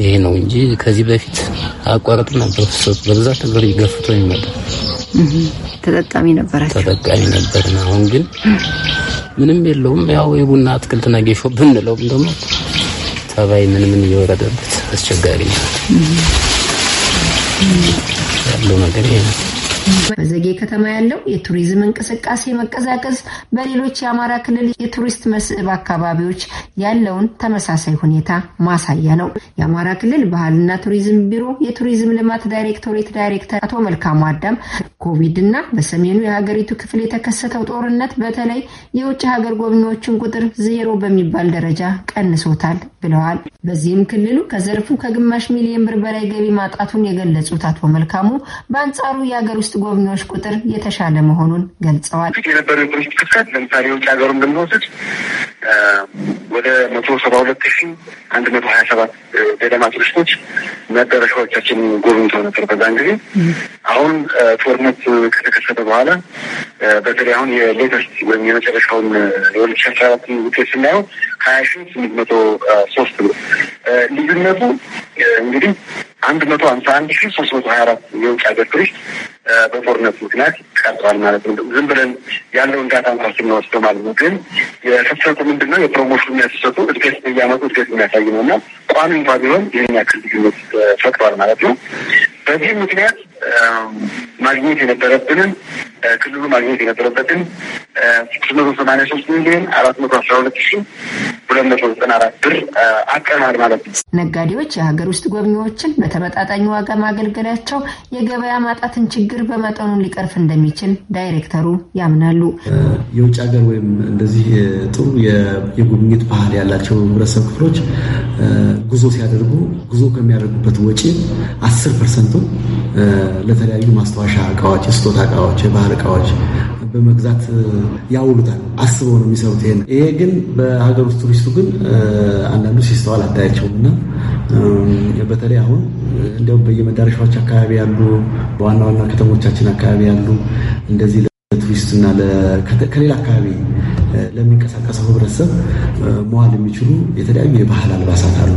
ይሄ ነው እንጂ ከዚህ በፊት አቋረጥ ነበር። በብዛት ብር ይገፍቶ ይመጣ ተጠቃሚ ነበራቸው፣ ተጠቃሚ ነበርን። አሁን ግን ምንም የለውም። ያው የቡና አትክልትና ጌሾ ብንለው ደግሞ ጠባይ ምን ምን እየወረደበት አስቸጋሪ ነው ያለው ነገር ይሄ ነው። በዘጌ ከተማ ያለው የቱሪዝም እንቅስቃሴ መቀዛቀዝ በሌሎች የአማራ ክልል የቱሪስት መስህብ አካባቢዎች ያለውን ተመሳሳይ ሁኔታ ማሳያ ነው። የአማራ ክልል ባህልና ቱሪዝም ቢሮ የቱሪዝም ልማት ዳይሬክቶሬት ዳይሬክተር አቶ መልካሙ አዳም ኮቪድ እና በሰሜኑ የሀገሪቱ ክፍል የተከሰተው ጦርነት በተለይ የውጭ ሀገር ጎብኚዎችን ቁጥር ዜሮ በሚባል ደረጃ ቀንሶታል ብለዋል። በዚህም ክልሉ ከዘርፉ ከግማሽ ሚሊዮን ብር በላይ ገቢ ማጣቱን የገለጹት አቶ መልካሙ በአንጻሩ የሀገር ውስጥ ጎብኚዎች ቁጥር የተሻለ መሆኑን ገልጸዋል። የነበሩ የቱሪስት ፍሰት ለምሳሌ የውጭ ሀገሩን ብንወስድ ወደ መቶ ሰባ ሁለት ሺ አንድ መቶ ሀያ ሰባት ገደማ ቱሪስቶች መዳረሻዎቻችን ጎብኝተው ነበር በዛን ጊዜ። አሁን ጦርነት ከተከሰተ በኋላ በተለይ አሁን የሌተስት ወይም የመጨረሻውን የሁለት ሺ አስራ አራት ውጤት ስናየው ሀያ ሺ ስምንት መቶ ሶስት ብር ልዩነቱ እንግዲህ አንድ መቶ ሀምሳ አንድ ሺ ሶስት መቶ ሀያ አራት የውጭ ሀገር ቱሪስት በጦርነት ምክንያት ቀርተዋል ማለት ነው። ዝም ብለን ያለውን ዳታ እንኳ ስንወስደው ማለት ነው። ግን የፍሰቱ ምንድን ነው? የፕሮሞሽን የተሰጡ እድገት እያመጡ እድገት የሚያሳይ ነው እና ቋሚ እንኳ ቢሆን ይህን ያክል ልዩነት ፈጥሯል ማለት ነው። በዚህም ምክንያት ማግኘት የነበረብንን ክልሉ ማግኘት የነበረበትን ስድስት መቶ ሰማኒያ ሶስት ሚሊዮን አራት መቶ አስራ ሁለት ሺ ሁለት መቶ ዘጠና አራት ብር አቀናል ማለት ነው። ነጋዴዎች የሀገር ውስጥ ጎብኚዎችን በተመጣጣኝ ዋጋ ማገልገላቸው የገበያ ማጣትን ችግር በመጠኑ ሊቀርፍ እንደሚችል ዳይሬክተሩ ያምናሉ። የውጭ ሀገር ወይም እንደዚህ ጥሩ የጉብኝት ባህል ያላቸው ህብረተሰብ ክፍሎች ጉዞ ሲያደርጉ ጉዞ ከሚያደርጉበት ወጪ አስር ፐርሰንቱ ለተለያዩ ማስታወሻ እቃዎች፣ የስጦታ እቃዎች፣ የባህል እቃዎች በመግዛት ያውሉታል። አስበው ነው የሚሰሩት። ይሄ ይሄ ግን በሀገር ውስጥ ቱሪስቱ ግን አንዳንዱ ሲስተዋል አታያቸውም እና በተለይ አሁን እንዲያውም በየመዳረሻዎች አካባቢ ያሉ በዋና ዋና ከተሞቻችን አካባቢ ያሉ እንደዚህ ለቱሪስትና ከሌላ አካባቢ ለሚንቀሳቀሰው ህብረተሰብ መዋል የሚችሉ የተለያዩ የባህል አልባሳት አሉ።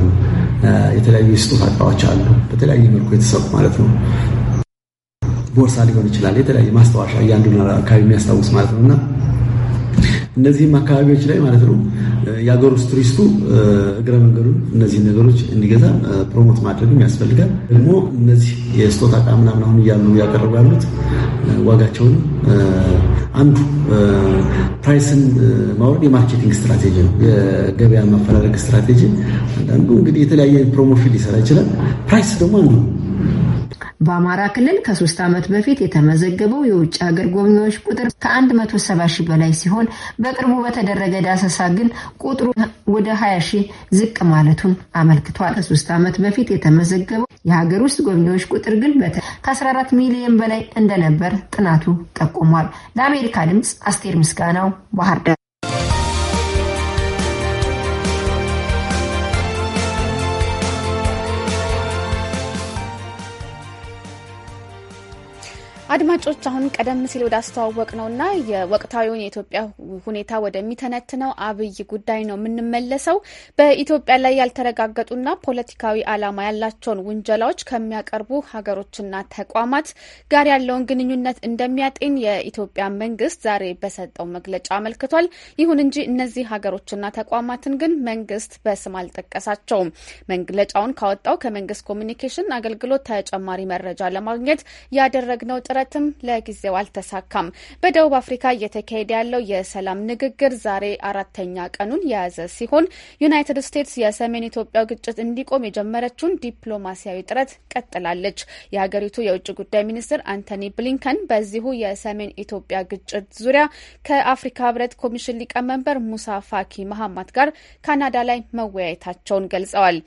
የተለያዩ የስጦታ እቃዎች አሉ። በተለያየ መልኩ የተሰሩ ማለት ነው። ቦርሳ ሊሆን ይችላል፣ የተለያየ ማስታወሻ እያንዱን አካባቢ የሚያስታውስ ማለት ነው እና እነዚህም አካባቢዎች ላይ ማለት ነው የሀገር ውስጥ ቱሪስቱ እግረ መንገዱ እነዚህ ነገሮች እንዲገዛ ፕሮሞት ማድረግም ያስፈልጋል። ደግሞ እነዚህ የስጦታ ዕቃ ምናምን አሁን እያሉ ያቀረቡ ያሉት ዋጋቸውን አንዱ ፕራይስን ማውረድ የማርኬቲንግ ስትራቴጂ ነው፣ የገበያ ማፈላለግ ስትራቴጂ። አንዳንዱ እንግዲህ የተለያየ ፕሮሞሽን ሊሰራ ይችላል። ፕራይስ ደግሞ አንዱ ነው። በአማራ ክልል ከሶስት ዓመት በፊት የተመዘገበው የውጭ ሀገር ጎብኚዎች ቁጥር ከ ሰባ ሺህ በላይ ሲሆን በቅርቡ በተደረገ ዳሰሳ ግን ቁጥሩ ወደ 20 ሺህ ዝቅ ማለቱን አመልክቷል። ከሶስት ዓመት በፊት የተመዘገበው የሀገር ውስጥ ጎብኚዎች ቁጥር ግን ከ14 ሚሊዮን በላይ እንደነበር ጥናቱ ጠቁሟል። ለአሜሪካ ድምፅ አስቴር ምስጋናው ባህር ዳር። አድማጮች አሁን ቀደም ሲል ወደ አስተዋወቅ ነውና የወቅታዊውን የኢትዮጵያ ሁኔታ ወደሚተነትነው አብይ ጉዳይ ነው የምንመለሰው። በኢትዮጵያ ላይ ያልተረጋገጡና ፖለቲካዊ ዓላማ ያላቸውን ውንጀላዎች ከሚያቀርቡ ሀገሮችና ተቋማት ጋር ያለውን ግንኙነት እንደሚያጤን የኢትዮጵያ መንግስት ዛሬ በሰጠው መግለጫ አመልክቷል። ይሁን እንጂ እነዚህ ሀገሮችና ተቋማትን ግን መንግስት በስም አልጠቀሳቸውም። መግለጫውን ካወጣው ከመንግስት ኮሚኒኬሽን አገልግሎት ተጨማሪ መረጃ ለማግኘት ያደረግነው ጥረት ጥረትም ለጊዜው አልተሳካም። በደቡብ አፍሪካ እየተካሄደ ያለው የሰላም ንግግር ዛሬ አራተኛ ቀኑን የያዘ ሲሆን ዩናይትድ ስቴትስ የሰሜን ኢትዮጵያ ግጭት እንዲቆም የጀመረችውን ዲፕሎማሲያዊ ጥረት ቀጥላለች። የሀገሪቱ የውጭ ጉዳይ ሚኒስትር አንቶኒ ብሊንከን በዚሁ የሰሜን ኢትዮጵያ ግጭት ዙሪያ ከአፍሪካ ህብረት ኮሚሽን ሊቀመንበር ሙሳ ፋኪ መሀማት ጋር ካናዳ ላይ መወያየታቸውን ገልጸዋል።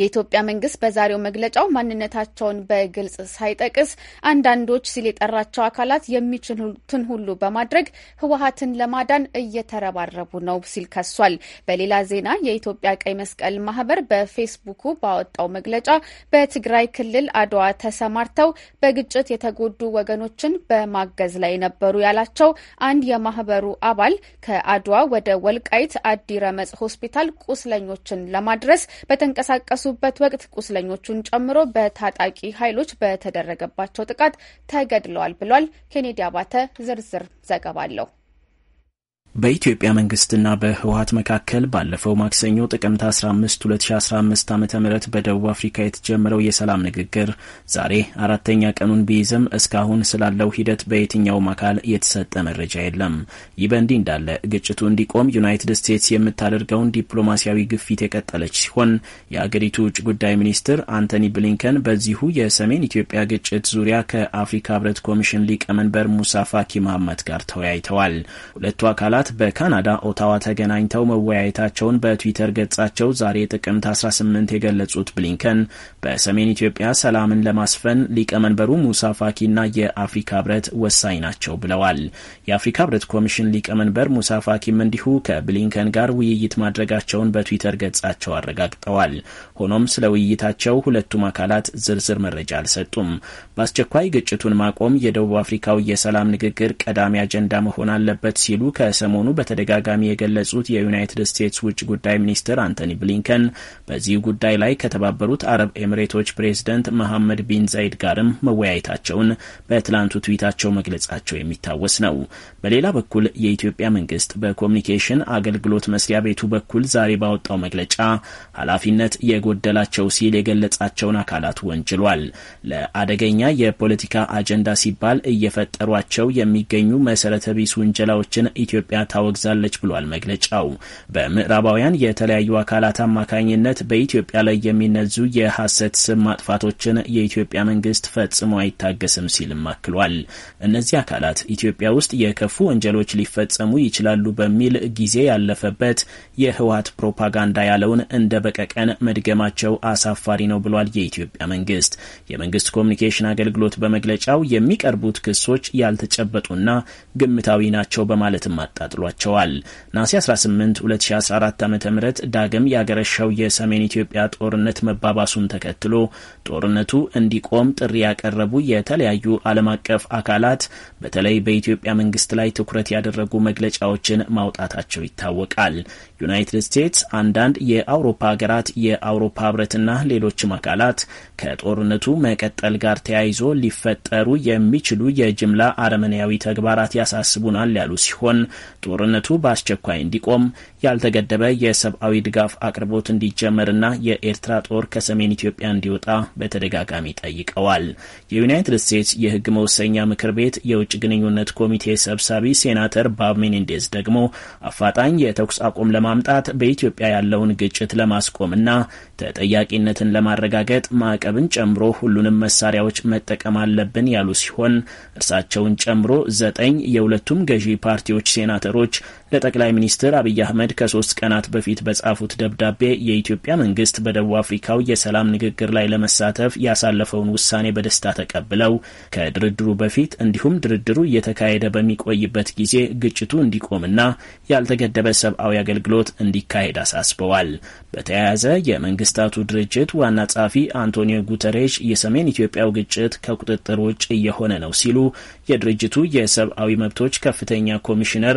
የኢትዮጵያ መንግስት በዛሬው መግለጫው ማንነታቸውን በግልጽ ሳይጠቅስ አንዳንዶች ሲል የጠራቸው አካላት የሚችሉትን ሁሉ በማድረግ ህወሀትን ለማዳን እየተረባረቡ ነው ሲል ከሷል። በሌላ ዜና የኢትዮጵያ ቀይ መስቀል ማህበር በፌስቡኩ ባወጣው መግለጫ በትግራይ ክልል አድዋ ተሰማርተው በግጭት የተጎዱ ወገኖችን በማገዝ ላይ ነበሩ ያላቸው አንድ የማህበሩ አባል ከአድዋ ወደ ወልቃይት አዲረመጽ ሆስፒታል ቁስለኞችን ለማድረስ በተንቀሳቀሱ በሚደርሱበት ወቅት ቁስለኞቹን ጨምሮ በታጣቂ ኃይሎች በተደረገባቸው ጥቃት ተገድለዋል ብሏል። ኬኔዲ አባተ ዝርዝር ዘገባ አለው። በኢትዮጵያ መንግስትና በህወሀት መካከል ባለፈው ማክሰኞ ጥቅምት 15 2015 ዓ ም በደቡብ አፍሪካ የተጀመረው የሰላም ንግግር ዛሬ አራተኛ ቀኑን ቢይዝም እስካሁን ስላለው ሂደት በየትኛውም አካል የተሰጠ መረጃ የለም። ይህ በእንዲህ እንዳለ ግጭቱ እንዲቆም ዩናይትድ ስቴትስ የምታደርገውን ዲፕሎማሲያዊ ግፊት የቀጠለች ሲሆን የአገሪቱ ውጭ ጉዳይ ሚኒስትር አንቶኒ ብሊንከን በዚሁ የሰሜን ኢትዮጵያ ግጭት ዙሪያ ከአፍሪካ ህብረት ኮሚሽን ሊቀመንበር ሙሳ ፋኪ መሐመድ ጋር ተወያይተዋል። ሁለቱ አካላት አባላት በካናዳ ኦታዋ ተገናኝተው መወያየታቸውን በትዊተር ገጻቸው ዛሬ ጥቅምት 18 የገለጹት ብሊንከን በሰሜን ኢትዮጵያ ሰላምን ለማስፈን ሊቀመንበሩ ሙሳ ፋኪና የአፍሪካ ህብረት ወሳኝ ናቸው ብለዋል። የአፍሪካ ህብረት ኮሚሽን ሊቀመንበር ሙሳ ፋኪም እንዲሁ ከብሊንከን ጋር ውይይት ማድረጋቸውን በትዊተር ገጻቸው አረጋግጠዋል። ሆኖም ስለ ውይይታቸው ሁለቱም አካላት ዝርዝር መረጃ አልሰጡም። በአስቸኳይ ግጭቱን ማቆም የደቡብ አፍሪካው የሰላም ንግግር ቀዳሚ አጀንዳ መሆን አለበት ሲሉ ከሰ ስለመሆኑ በተደጋጋሚ የገለጹት የዩናይትድ ስቴትስ ውጭ ጉዳይ ሚኒስትር አንቶኒ ብሊንከን በዚህ ጉዳይ ላይ ከተባበሩት አረብ ኤምሬቶች ፕሬዝደንት መሐመድ ቢን ዛይድ ጋርም መወያየታቸውን በትላንቱ ትዊታቸው መግለጻቸው የሚታወስ ነው። በሌላ በኩል የኢትዮጵያ መንግስት በኮሚኒኬሽን አገልግሎት መስሪያ ቤቱ በኩል ዛሬ ባወጣው መግለጫ ኃላፊነት የጎደላቸው ሲል የገለጻቸውን አካላት ወንጅሏል። ለአደገኛ የፖለቲካ አጀንዳ ሲባል እየፈጠሯቸው የሚገኙ መሰረተ ቢስ ውንጀላዎችን ኢትዮጵያ ታወግዛለች ብሏል መግለጫው። በምዕራባውያን የተለያዩ አካላት አማካኝነት በኢትዮጵያ ላይ የሚነዙ የሐሰት ስም ማጥፋቶችን የኢትዮጵያ መንግስት ፈጽሞ አይታገስም ሲልም አክሏል። እነዚህ አካላት ኢትዮጵያ ውስጥ የከፉ ወንጀሎች ሊፈጸሙ ይችላሉ በሚል ጊዜ ያለፈበት የህወሀት ፕሮፓጋንዳ ያለውን እንደ በቀቀን መድገማቸው አሳፋሪ ነው ብሏል የኢትዮጵያ መንግስት። የመንግስት ኮሚኒኬሽን አገልግሎት በመግለጫው የሚቀርቡት ክሶች ያልተጨበጡና ግምታዊ ናቸው በማለትም አጣጥሏል። ተቃጥሏቸዋል። ናሴ 18 2014 ዓ ም ዳግም ያገረሻው የሰሜን ኢትዮጵያ ጦርነት መባባሱን ተከትሎ ጦርነቱ እንዲቆም ጥሪ ያቀረቡ የተለያዩ ዓለም አቀፍ አካላት በተለይ በኢትዮጵያ መንግስት ላይ ትኩረት ያደረጉ መግለጫዎችን ማውጣታቸው ይታወቃል። ዩናይትድ ስቴትስ፣ አንዳንድ የአውሮፓ ሀገራት፣ የአውሮፓ ህብረትና ሌሎችም አካላት ከጦርነቱ መቀጠል ጋር ተያይዞ ሊፈጠሩ የሚችሉ የጅምላ አረመኔያዊ ተግባራት ያሳስቡናል ያሉ ሲሆን ጦርነቱ በአስቸኳይ እንዲቆም ያልተገደበ የሰብአዊ ድጋፍ አቅርቦት እንዲጀመርና የኤርትራ ጦር ከሰሜን ኢትዮጵያ እንዲወጣ በተደጋጋሚ ጠይቀዋል። የዩናይትድ ስቴትስ የህግ መወሰኛ ምክር ቤት የውጭ ግንኙነት ኮሚቴ ሰብሳቢ ሴናተር ባብ ሜኔንዴዝ ደግሞ አፋጣኝ የተኩስ አቁም ለማምጣት በኢትዮጵያ ያለውን ግጭት ለማስቆምና ተጠያቂነትን ለማረጋገጥ ማዕቀብን ጨምሮ ሁሉንም መሳሪያዎች መጠቀም አለብን ያሉ ሲሆን እርሳቸውን ጨምሮ ዘጠኝ የሁለቱም ገዢ ፓርቲዎች ሴናተር ሚኒስትሮች ለጠቅላይ ሚኒስትር አብይ አህመድ ከሶስት ቀናት በፊት በጻፉት ደብዳቤ የኢትዮጵያ መንግስት በደቡብ አፍሪካው የሰላም ንግግር ላይ ለመሳተፍ ያሳለፈውን ውሳኔ በደስታ ተቀብለው ከድርድሩ በፊት እንዲሁም ድርድሩ እየተካሄደ በሚቆይበት ጊዜ ግጭቱ እንዲቆምና ያልተገደበ ሰብአዊ አገልግሎት እንዲካሄድ አሳስበዋል። በተያያዘ የመንግስታቱ ድርጅት ዋና ጸሐፊ አንቶኒዮ ጉተሬሽ የሰሜን ኢትዮጵያው ግጭት ከቁጥጥር ውጭ እየሆነ ነው ሲሉ የድርጅቱ የሰብአዊ መብቶች ከፍተኛ ኮሚሽነር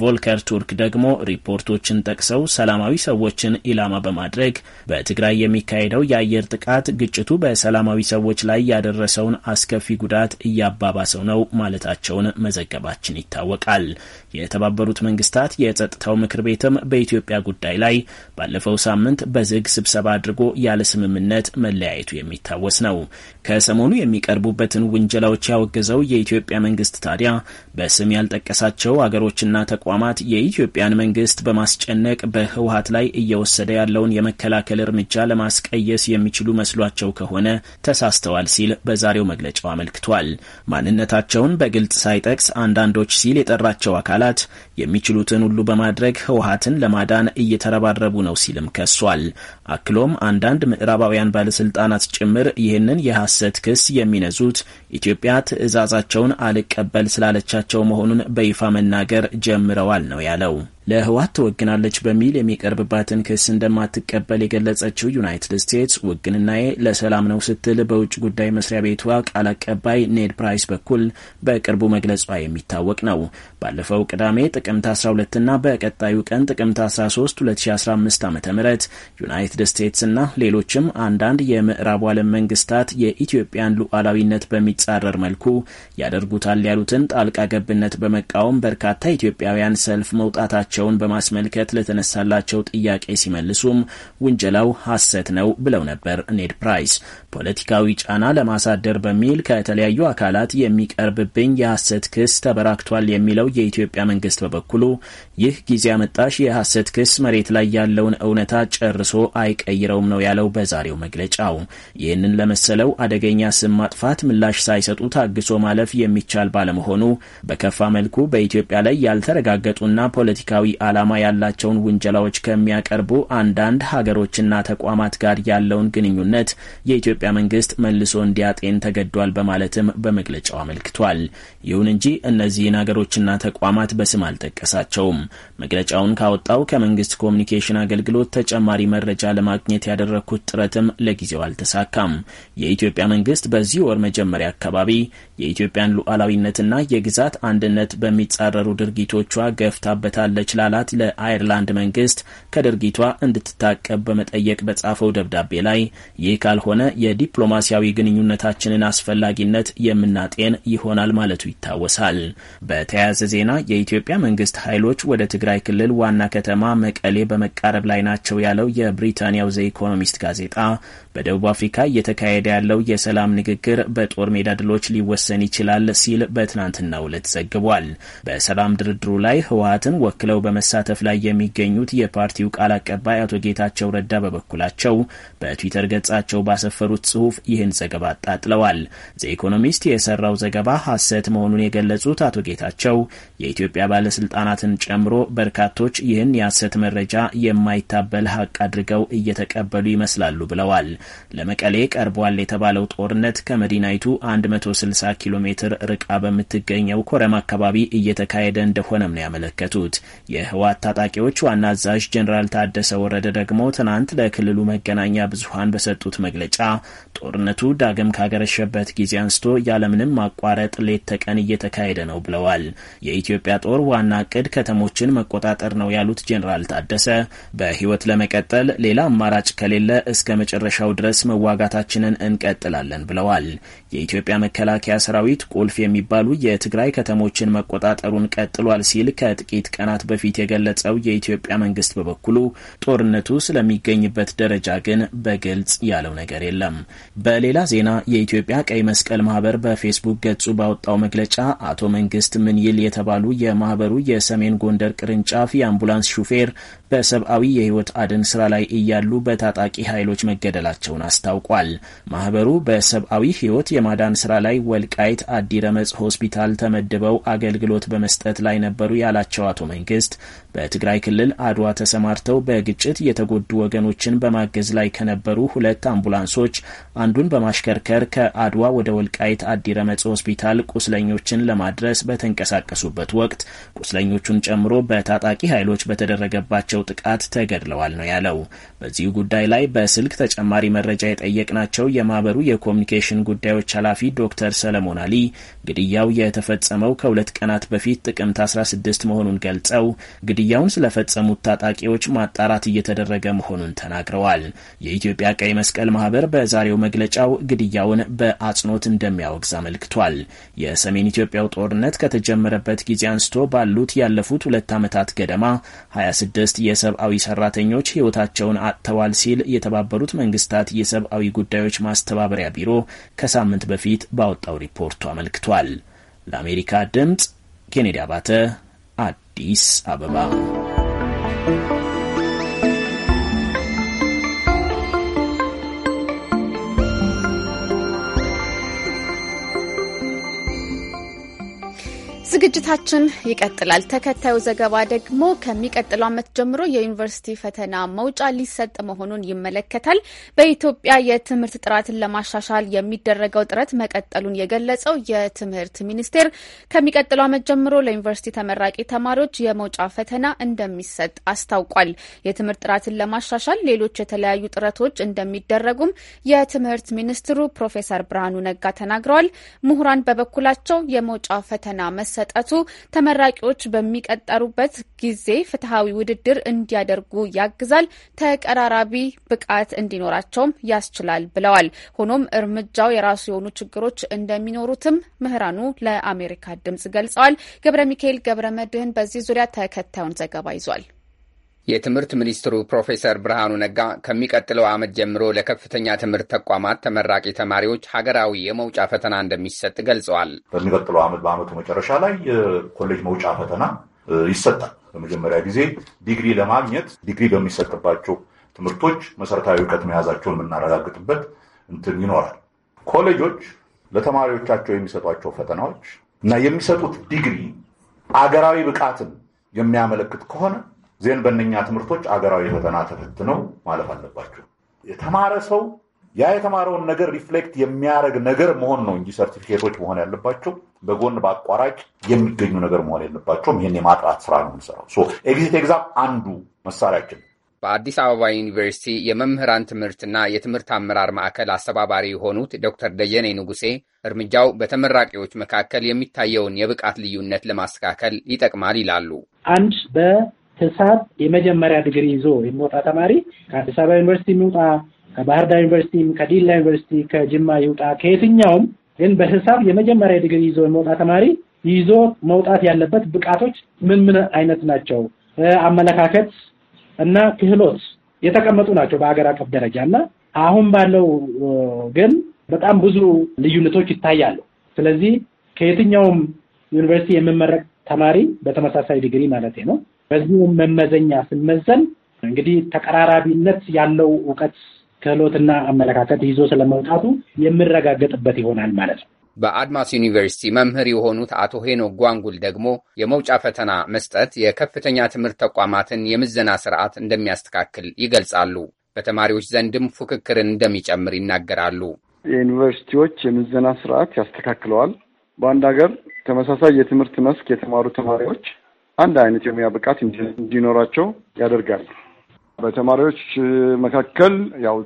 ቮልከር ቱርክ ደግሞ ሪፖርቶችን ጠቅሰው ሰላማዊ ሰዎችን ኢላማ በማድረግ በትግራይ የሚካሄደው የአየር ጥቃት ግጭቱ በሰላማዊ ሰዎች ላይ ያደረሰውን አስከፊ ጉዳት እያባባሰው ነው ማለታቸውን መዘገባችን ይታወቃል። የተባበሩት መንግስታት የጸጥታው ምክር ቤትም በኢትዮጵያ ጉዳይ ላይ ባለፈው ሳምንት በዝግ ስብሰባ አድርጎ ያለ ስምምነት መለያየቱ የሚታወስ ነው። ከሰሞኑ የሚቀርቡበትን ውንጀላዎች ያወገዘው የኢትዮጵያ መንግስት ታዲያ በስም ያልጠቀሳቸው አገሮችና ተቋ ተቋማት የኢትዮጵያን መንግስት በማስጨነቅ በህወሀት ላይ እየወሰደ ያለውን የመከላከል እርምጃ ለማስቀየስ የሚችሉ መስሏቸው ከሆነ ተሳስተዋል ሲል በዛሬው መግለጫው አመልክቷል። ማንነታቸውን በግልጽ ሳይጠቅስ አንዳንዶች ሲል የጠራቸው አካላት የሚችሉትን ሁሉ በማድረግ ህወሀትን ለማዳን እየተረባረቡ ነው ሲልም ከሷል። አክሎም አንዳንድ ምዕራባውያን ባለስልጣናት ጭምር ይህንን የሐሰት ክስ የሚነዙት ኢትዮጵያ ትዕዛዛቸውን አልቀበል ስላለቻቸው መሆኑን በይፋ መናገር ጀምረዋል ነው ያለው። ለህወሓት ትወግናለች በሚል የሚቀርብባትን ክስ እንደማትቀበል የገለጸችው ዩናይትድ ስቴትስ ውግንናዬ ለሰላም ነው ስትል በውጭ ጉዳይ መስሪያ ቤቷ ቃል አቀባይ ኔድ ፕራይስ በኩል በቅርቡ መግለጿ የሚታወቅ ነው። ባለፈው ቅዳሜ ጥቅምት 12ና በቀጣዩ ቀን ጥቅምት 13 2015 ዓ ም ዩናይትድ ስቴትስና ሌሎችም አንዳንድ የምዕራቡ ዓለም መንግስታት የኢትዮጵያን ሉዓላዊነት በሚጻረር መልኩ ያደርጉታል ያሉትን ጣልቃ ገብነት በመቃወም በርካታ ኢትዮጵያውያን ሰልፍ መውጣታቸው መሆናቸውን በማስመልከት ለተነሳላቸው ጥያቄ ሲመልሱም ውንጀላው ሐሰት ነው ብለው ነበር። ኔድ ፕራይስ ፖለቲካዊ ጫና ለማሳደር በሚል ከተለያዩ አካላት የሚቀርብብኝ የሐሰት ክስ ተበራክቷል የሚለው የኢትዮጵያ መንግስት በበኩሉ ይህ ጊዜ አመጣሽ የሐሰት ክስ መሬት ላይ ያለውን እውነታ ጨርሶ አይቀይረውም ነው ያለው በዛሬው መግለጫው። ይህንን ለመሰለው አደገኛ ስም ማጥፋት ምላሽ ሳይሰጡ ታግሶ ማለፍ የሚቻል ባለመሆኑ በከፋ መልኩ በኢትዮጵያ ላይ ያልተረጋገጡና ፖለቲካ ፖለቲካዊ ዓላማ ያላቸውን ውንጀላዎች ከሚያቀርቡ አንዳንድ ሀገሮችና ተቋማት ጋር ያለውን ግንኙነት የኢትዮጵያ መንግስት መልሶ እንዲያጤን ተገዷል በማለትም በመግለጫው አመልክቷል። ይሁን እንጂ እነዚህን ሀገሮችና ተቋማት በስም አልጠቀሳቸውም። መግለጫውን ካወጣው ከመንግስት ኮሚኒኬሽን አገልግሎት ተጨማሪ መረጃ ለማግኘት ያደረግኩት ጥረትም ለጊዜው አልተሳካም። የኢትዮጵያ መንግስት በዚህ ወር መጀመሪያ አካባቢ የኢትዮጵያን ሉዓላዊነትና የግዛት አንድነት በሚጻረሩ ድርጊቶቿ ገፍታበታለች ላላት ለአየርላንድ መንግስት ከድርጊቷ እንድትታቀብ በመጠየቅ በጻፈው ደብዳቤ ላይ ይህ ካልሆነ የዲፕሎማሲያዊ ግንኙነታችንን አስፈላጊነት የምናጤን ይሆናል ማለቱ ይታወሳል። በተያያዘ ዜና የኢትዮጵያ መንግስት ኃይሎች ወደ ትግራይ ክልል ዋና ከተማ መቀሌ በመቃረብ ላይ ናቸው ያለው የብሪታንያው ዘ ኢኮኖሚስት ጋዜጣ በደቡብ አፍሪካ እየተካሄደ ያለው የሰላም ንግግር በጦር ሜዳ ድሎች ሊወሰን ይችላል ሲል በትናንትናው ዕለት ዘግቧል። በሰላም ድርድሩ ላይ ህወሀትን ወክለው በመሳተፍ ላይ የሚገኙት የፓርቲው ቃል አቀባይ አቶ ጌታቸው ረዳ በበኩላቸው በትዊተር ገጻቸው ባሰፈሩት ጽሁፍ ይህን ዘገባ አጣጥለዋል። ዘኢኮኖሚስት የሰራው ዘገባ ሐሰት መሆኑን የገለጹት አቶ ጌታቸው የኢትዮጵያ ባለስልጣናትን ጨምሮ በርካቶች ይህን የሐሰት መረጃ የማይታበል ሀቅ አድርገው እየተቀበሉ ይመስላሉ ብለዋል። ለመቀሌ ቀርቧል የተባለው ጦርነት ከመዲናይቱ 160 ኪሎ ሜትር ርቃ በምትገኘው ኮረም አካባቢ እየተካሄደ እንደሆነም ነው ያመለከቱት። የህወሓት ታጣቂዎች ዋና አዛዥ ጀኔራል ታደሰ ወረደ ደግሞ ትናንት ለክልሉ መገናኛ ብዙሀን በሰጡት መግለጫ ጦርነቱ ዳግም ካገረሸበት ጊዜ አንስቶ ያለምንም ማቋረጥ ሌት ተቀን እየተካሄደ ነው ብለዋል። የኢትዮጵያ ጦር ዋና እቅድ ከተሞችን መቆጣጠር ነው ያሉት ጀኔራል ታደሰ በህይወት ለመቀጠል ሌላ አማራጭ ከሌለ እስከ መጨረሻው ድረስ መዋጋታችንን እንቀጥላለን ብለዋል። የኢትዮጵያ መከላከያ ሰራዊት ቁልፍ የሚባሉ የትግራይ ከተሞችን መቆጣጠሩን ቀጥሏል ሲል ከጥቂት ቀናት በፊት የገለጸው የኢትዮጵያ መንግስት በበኩሉ ጦርነቱ ስለሚገኝበት ደረጃ ግን በግልጽ ያለው ነገር የለም። በሌላ ዜና የኢትዮጵያ ቀይ መስቀል ማህበር በፌስቡክ ገጹ ባወጣው መግለጫ አቶ መንግስት ምንይል የተባሉ የማህበሩ የሰሜን ጎንደር ቅርንጫፍ የአምቡላንስ ሹፌር በሰብአዊ የህይወት አድን ስራ ላይ እያሉ በታጣቂ ኃይሎች መገደላቸውን አስታውቋል። ማህበሩ በሰብአዊ ህይወት የማዳን ስራ ላይ ወልቃይት አዲረመጽ ሆስፒታል ተመድበው አገልግሎት በመስጠት ላይ ነበሩ ያላቸው አቶ መንግስት በትግራይ ክልል አድዋ ተሰማርተው በግጭት የተጎዱ ወገኖችን በማገዝ ላይ ከነበሩ ሁለት አምቡላንሶች አንዱን በማሽከርከር ከአድዋ ወደ ወልቃይት አዲረመጽ ሆስፒታል ቁስለኞችን ለማድረስ በተንቀሳቀሱበት ወቅት ቁስለኞቹን ጨምሮ በታጣቂ ኃይሎች በተደረገባቸው ጥቃት ተገድለዋል ነው ያለው። በዚሁ ጉዳይ ላይ በስልክ ተጨማሪ መረጃ የጠየቅናቸው የማህበሩ የኮሚኒኬሽን ጉዳዮች ኃላፊዎች ኃላፊ ዶክተር ሰለሞን አሊ ግድያው የተፈጸመው ከሁለት ቀናት በፊት ጥቅምት 16 መሆኑን ገልጸው ግድያውን ስለፈጸሙት ታጣቂዎች ማጣራት እየተደረገ መሆኑን ተናግረዋል። የኢትዮጵያ ቀይ መስቀል ማህበር በዛሬው መግለጫው ግድያውን በአጽንኦት እንደሚያወግዝ አመልክቷል። የሰሜን ኢትዮጵያው ጦርነት ከተጀመረበት ጊዜ አንስቶ ባሉት ያለፉት ሁለት ዓመታት ገደማ 26 የሰብአዊ ሰራተኞች ህይወታቸውን አጥተዋል ሲል የተባበሩት መንግስታት የሰብአዊ ጉዳዮች ማስተባበሪያ ቢሮ ከሳምንት ሳምንት በፊት ባወጣው ሪፖርቱ አመልክቷል። ለአሜሪካ ድምፅ ኬኔዲ አባተ አዲስ አበባ ዝግጅታችን ይቀጥላል። ተከታዩ ዘገባ ደግሞ ከሚቀጥለው ዓመት ጀምሮ የዩኒቨርሲቲ ፈተና መውጫ ሊሰጥ መሆኑን ይመለከታል። በኢትዮጵያ የትምህርት ጥራትን ለማሻሻል የሚደረገው ጥረት መቀጠሉን የገለጸው የትምህርት ሚኒስቴር ከሚቀጥለው ዓመት ጀምሮ ለዩኒቨርሲቲ ተመራቂ ተማሪዎች የመውጫ ፈተና እንደሚሰጥ አስታውቋል። የትምህርት ጥራትን ለማሻሻል ሌሎች የተለያዩ ጥረቶች እንደሚደረጉም የትምህርት ሚኒስትሩ ፕሮፌሰር ብርሃኑ ነጋ ተናግረዋል። ምሁራን በበኩላቸው የመውጫ ፈተና መሰ መሰጠቱ ተመራቂዎች በሚቀጠሩበት ጊዜ ፍትሐዊ ውድድር እንዲያደርጉ ያግዛል፣ ተቀራራቢ ብቃት እንዲኖራቸውም ያስችላል ብለዋል። ሆኖም እርምጃው የራሱ የሆኑ ችግሮች እንደሚኖሩትም ምህራኑ ለአሜሪካ ድምጽ ገልጸዋል። ገብረ ሚካኤል ገብረ መድህን በዚህ ዙሪያ ተከታዩን ዘገባ ይዟል። የትምህርት ሚኒስትሩ ፕሮፌሰር ብርሃኑ ነጋ ከሚቀጥለው ዓመት ጀምሮ ለከፍተኛ ትምህርት ተቋማት ተመራቂ ተማሪዎች ሀገራዊ የመውጫ ፈተና እንደሚሰጥ ገልጸዋል። በሚቀጥለው ዓመት በዓመቱ መጨረሻ ላይ የኮሌጅ መውጫ ፈተና ይሰጣል። በመጀመሪያ ጊዜ ዲግሪ ለማግኘት ዲግሪ በሚሰጥባቸው ትምህርቶች መሰረታዊ እውቀት መያዛቸውን የምናረጋግጥበት እንትን ይኖራል። ኮሌጆች ለተማሪዎቻቸው የሚሰጧቸው ፈተናዎች እና የሚሰጡት ዲግሪ አገራዊ ብቃትን የሚያመለክት ከሆነ ዜን በእነኛ ትምህርቶች አገራዊ ፈተና ተፈትነው ማለፍ አለባቸው። የተማረ ሰው ያ የተማረውን ነገር ሪፍሌክት የሚያደርግ ነገር መሆን ነው እንጂ ሰርቲፊኬቶች መሆን ያለባቸው በጎን በአቋራጭ የሚገኙ ነገር መሆን የለባቸውም። ይህን የማጥራት ስራ ነው የምንሰራው። ኤግዚት ኤግዛም አንዱ መሳሪያችን። በአዲስ አበባ ዩኒቨርሲቲ የመምህራን ትምህርትና የትምህርት አመራር ማዕከል አስተባባሪ የሆኑት ዶክተር ደጀኔ ንጉሴ እርምጃው በተመራቂዎች መካከል የሚታየውን የብቃት ልዩነት ለማስተካከል ይጠቅማል ይላሉ። አንድ ሂሳብ የመጀመሪያ ዲግሪ ይዞ የሚወጣ ተማሪ ከአዲስ አበባ ዩኒቨርሲቲ የሚውጣ ከባህር ዳር ዩኒቨርሲቲም ከዲላ ዩኒቨርሲቲ ከጅማ ይውጣ ከየትኛውም ግን በሂሳብ የመጀመሪያ ዲግሪ ይዞ የሚወጣ ተማሪ ይዞ መውጣት ያለበት ብቃቶች ምን ምን አይነት ናቸው? አመለካከት እና ክህሎት የተቀመጡ ናቸው በሀገር አቀፍ ደረጃ እና አሁን ባለው ግን በጣም ብዙ ልዩነቶች ይታያሉ። ስለዚህ ከየትኛውም ዩኒቨርሲቲ የሚመረቅ ተማሪ በተመሳሳይ ዲግሪ ማለት ነው በዚሁም መመዘኛ ስንመዘን እንግዲህ ተቀራራቢነት ያለው እውቀት ክህሎትና አመለካከት ይዞ ስለመውጣቱ የምረጋገጥበት ይሆናል ማለት ነው። በአድማስ ዩኒቨርሲቲ መምህር የሆኑት አቶ ሄኖ ጓንጉል ደግሞ የመውጫ ፈተና መስጠት የከፍተኛ ትምህርት ተቋማትን የምዘና ስርዓት እንደሚያስተካክል ይገልጻሉ። በተማሪዎች ዘንድም ፉክክርን እንደሚጨምር ይናገራሉ። የዩኒቨርሲቲዎች የምዘና ስርዓት ያስተካክለዋል። በአንድ ሀገር ተመሳሳይ የትምህርት መስክ የተማሩ ተማሪዎች አንድ አይነት የሙያ ብቃት እንዲኖራቸው ያደርጋል። በተማሪዎች መካከል ያው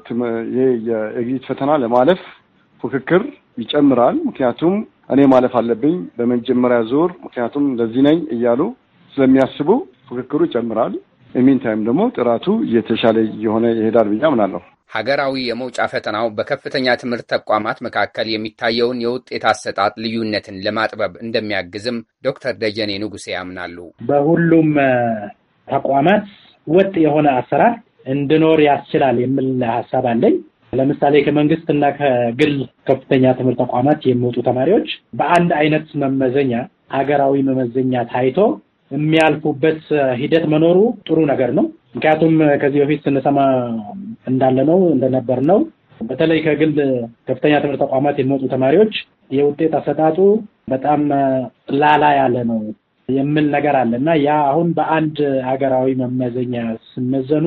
ይህ የኤግዚት ፈተና ለማለፍ ፉክክር ይጨምራል። ምክንያቱም እኔ ማለፍ አለብኝ በመጀመሪያ ዙር ምክንያቱም ለዚህ ነኝ እያሉ ስለሚያስቡ ፉክክሩ ይጨምራል። ኢሚን ታይም ደግሞ ጥራቱ እየተሻለ እየሆነ ይሄዳል ብዬ አምናለሁ። ሀገራዊ የመውጫ ፈተናው በከፍተኛ ትምህርት ተቋማት መካከል የሚታየውን የውጤት አሰጣጥ ልዩነትን ለማጥበብ እንደሚያግዝም ዶክተር ደጀኔ ንጉሴ ያምናሉ። በሁሉም ተቋማት ወጥ የሆነ አሰራር እንድኖር ያስችላል የሚል ሀሳብ አለኝ። ለምሳሌ ከመንግስት እና ከግል ከፍተኛ ትምህርት ተቋማት የሚወጡ ተማሪዎች በአንድ አይነት መመዘኛ አገራዊ መመዘኛ ታይቶ የሚያልፉበት ሂደት መኖሩ ጥሩ ነገር ነው። ምክንያቱም ከዚህ በፊት ስንሰማ እንዳለ ነው እንደነበር ነው በተለይ ከግል ከፍተኛ ትምህርት ተቋማት የሚወጡ ተማሪዎች የውጤት አሰጣጡ በጣም ላላ ያለ ነው የሚል ነገር አለ እና ያ አሁን በአንድ ሀገራዊ መመዘኛ ስመዘኑ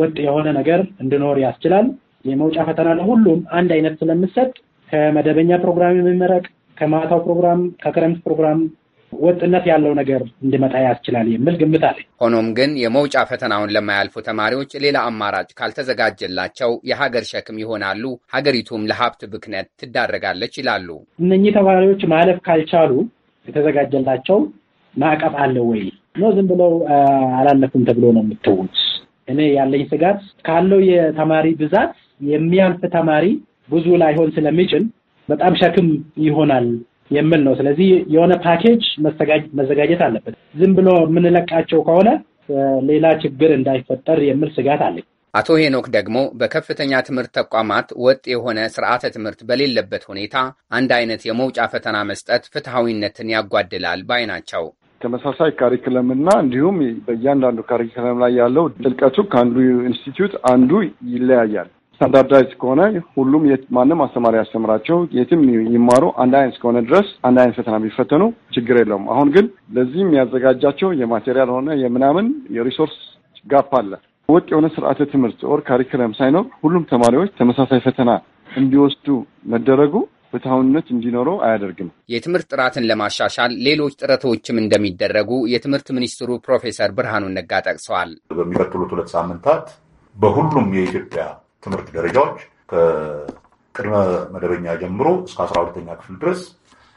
ወጥ የሆነ ነገር እንዲኖር ያስችላል። የመውጫ ፈተና ለሁሉም አንድ አይነት ስለምሰጥ ከመደበኛ ፕሮግራም የሚመረቅ ከማታው ፕሮግራም ከክረምት ፕሮግራም ወጥነት ያለው ነገር እንዲመጣ ያስችላል የሚል ግምት አለ። ሆኖም ግን የመውጫ ፈተናውን ለማያልፉ ተማሪዎች ሌላ አማራጭ ካልተዘጋጀላቸው የሀገር ሸክም ይሆናሉ፣ ሀገሪቱም ለሀብት ብክነት ትዳረጋለች ይላሉ። እነኚህ ተማሪዎች ማለፍ ካልቻሉ የተዘጋጀላቸው ማዕቀፍ አለ ወይ ነው? ዝም ብለው አላለፍም ተብሎ ነው የምትውት። እኔ ያለኝ ስጋት ካለው የተማሪ ብዛት የሚያልፍ ተማሪ ብዙ ላይሆን ስለሚችል በጣም ሸክም ይሆናል የሚል ነው። ስለዚህ የሆነ ፓኬጅ መዘጋጀት አለበት። ዝም ብሎ የምንለቃቸው ከሆነ ሌላ ችግር እንዳይፈጠር የሚል ስጋት አለኝ። አቶ ሄኖክ ደግሞ በከፍተኛ ትምህርት ተቋማት ወጥ የሆነ ስርዓተ ትምህርት በሌለበት ሁኔታ አንድ አይነት የመውጫ ፈተና መስጠት ፍትሐዊነትን ያጓድላል ባይ ናቸው። ተመሳሳይ ካሪክለምና እንዲሁም በእያንዳንዱ ካሪክለም ላይ ያለው ጥልቀቱ ከአንዱ ኢንስቲትዩት አንዱ ይለያያል። ስታንዳርዳይዝ ከሆነ ሁሉም ማንም አስተማሪ ያስተምራቸው የትም ይማሩ አንድ አይነት እስከሆነ ድረስ አንድ አይነት ፈተና ቢፈተኑ ችግር የለውም። አሁን ግን ለዚህ የሚያዘጋጃቸው የማቴሪያል ሆነ የምናምን የሪሶርስ ጋፕ አለ። ወጥ የሆነ ስርዓተ ትምህርት ኦር ካሪክለም ሳይኖር ሁሉም ተማሪዎች ተመሳሳይ ፈተና እንዲወስዱ መደረጉ ፍትሐዊነት እንዲኖረው አያደርግም። የትምህርት ጥራትን ለማሻሻል ሌሎች ጥረቶችም እንደሚደረጉ የትምህርት ሚኒስትሩ ፕሮፌሰር ብርሃኑ ነጋ ጠቅሰዋል። በሚቀጥሉት ሁለት ሳምንታት በሁሉም የኢትዮጵያ ትምህርት ደረጃዎች ከቅድመ መደበኛ ጀምሮ እስከ አስራ ሁለተኛ ክፍል ድረስ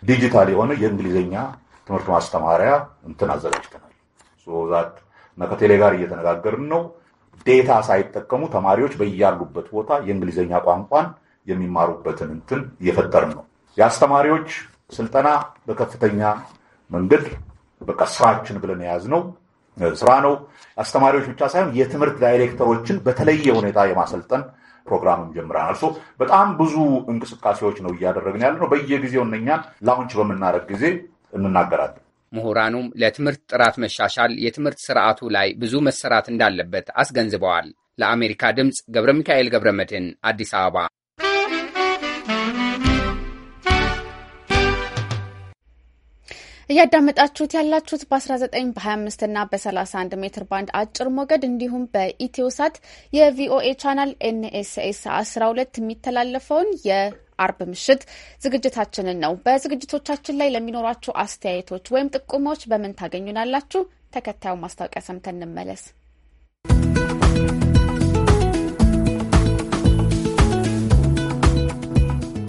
ዲጂታል የሆነ የእንግሊዝኛ ትምህርት ማስተማሪያ እንትን አዘጋጅተናል። ዛት እና ከቴሌ ጋር እየተነጋገርን ነው። ዴታ ሳይጠቀሙ ተማሪዎች በያሉበት ቦታ የእንግሊዝኛ ቋንቋን የሚማሩበትን እንትን እየፈጠርን ነው። የአስተማሪዎች ስልጠና በከፍተኛ መንገድ በቃ ስራችን ብለን የያዝነው ስራ ነው። አስተማሪዎች ብቻ ሳይሆን የትምህርት ዳይሬክተሮችን በተለየ ሁኔታ የማሰልጠን ፕሮግራምም ጀምረናል። ሶ በጣም ብዙ እንቅስቃሴዎች ነው እያደረግን ያለ ነው። በየጊዜው እነኛን ላውንች በምናደርግ ጊዜ እንናገራለን። ምሁራኑም ለትምህርት ጥራት መሻሻል የትምህርት ስርዓቱ ላይ ብዙ መሰራት እንዳለበት አስገንዝበዋል። ለአሜሪካ ድምፅ ገብረ ሚካኤል ገብረ መድህን አዲስ አበባ እያዳመጣችሁት ያላችሁት በ19 በ25 እና በ31 ሜትር ባንድ አጭር ሞገድ እንዲሁም በኢትዮሳት የቪኦኤ ቻናል ኤንኤስኤስ 12 የሚተላለፈውን የአርብ ምሽት ዝግጅታችንን ነው። በዝግጅቶቻችን ላይ ለሚኖራችሁ አስተያየቶች ወይም ጥቁሞች በምን ታገኙናላችሁ? ተከታዩን ማስታወቂያ ሰምተን እንመለስ።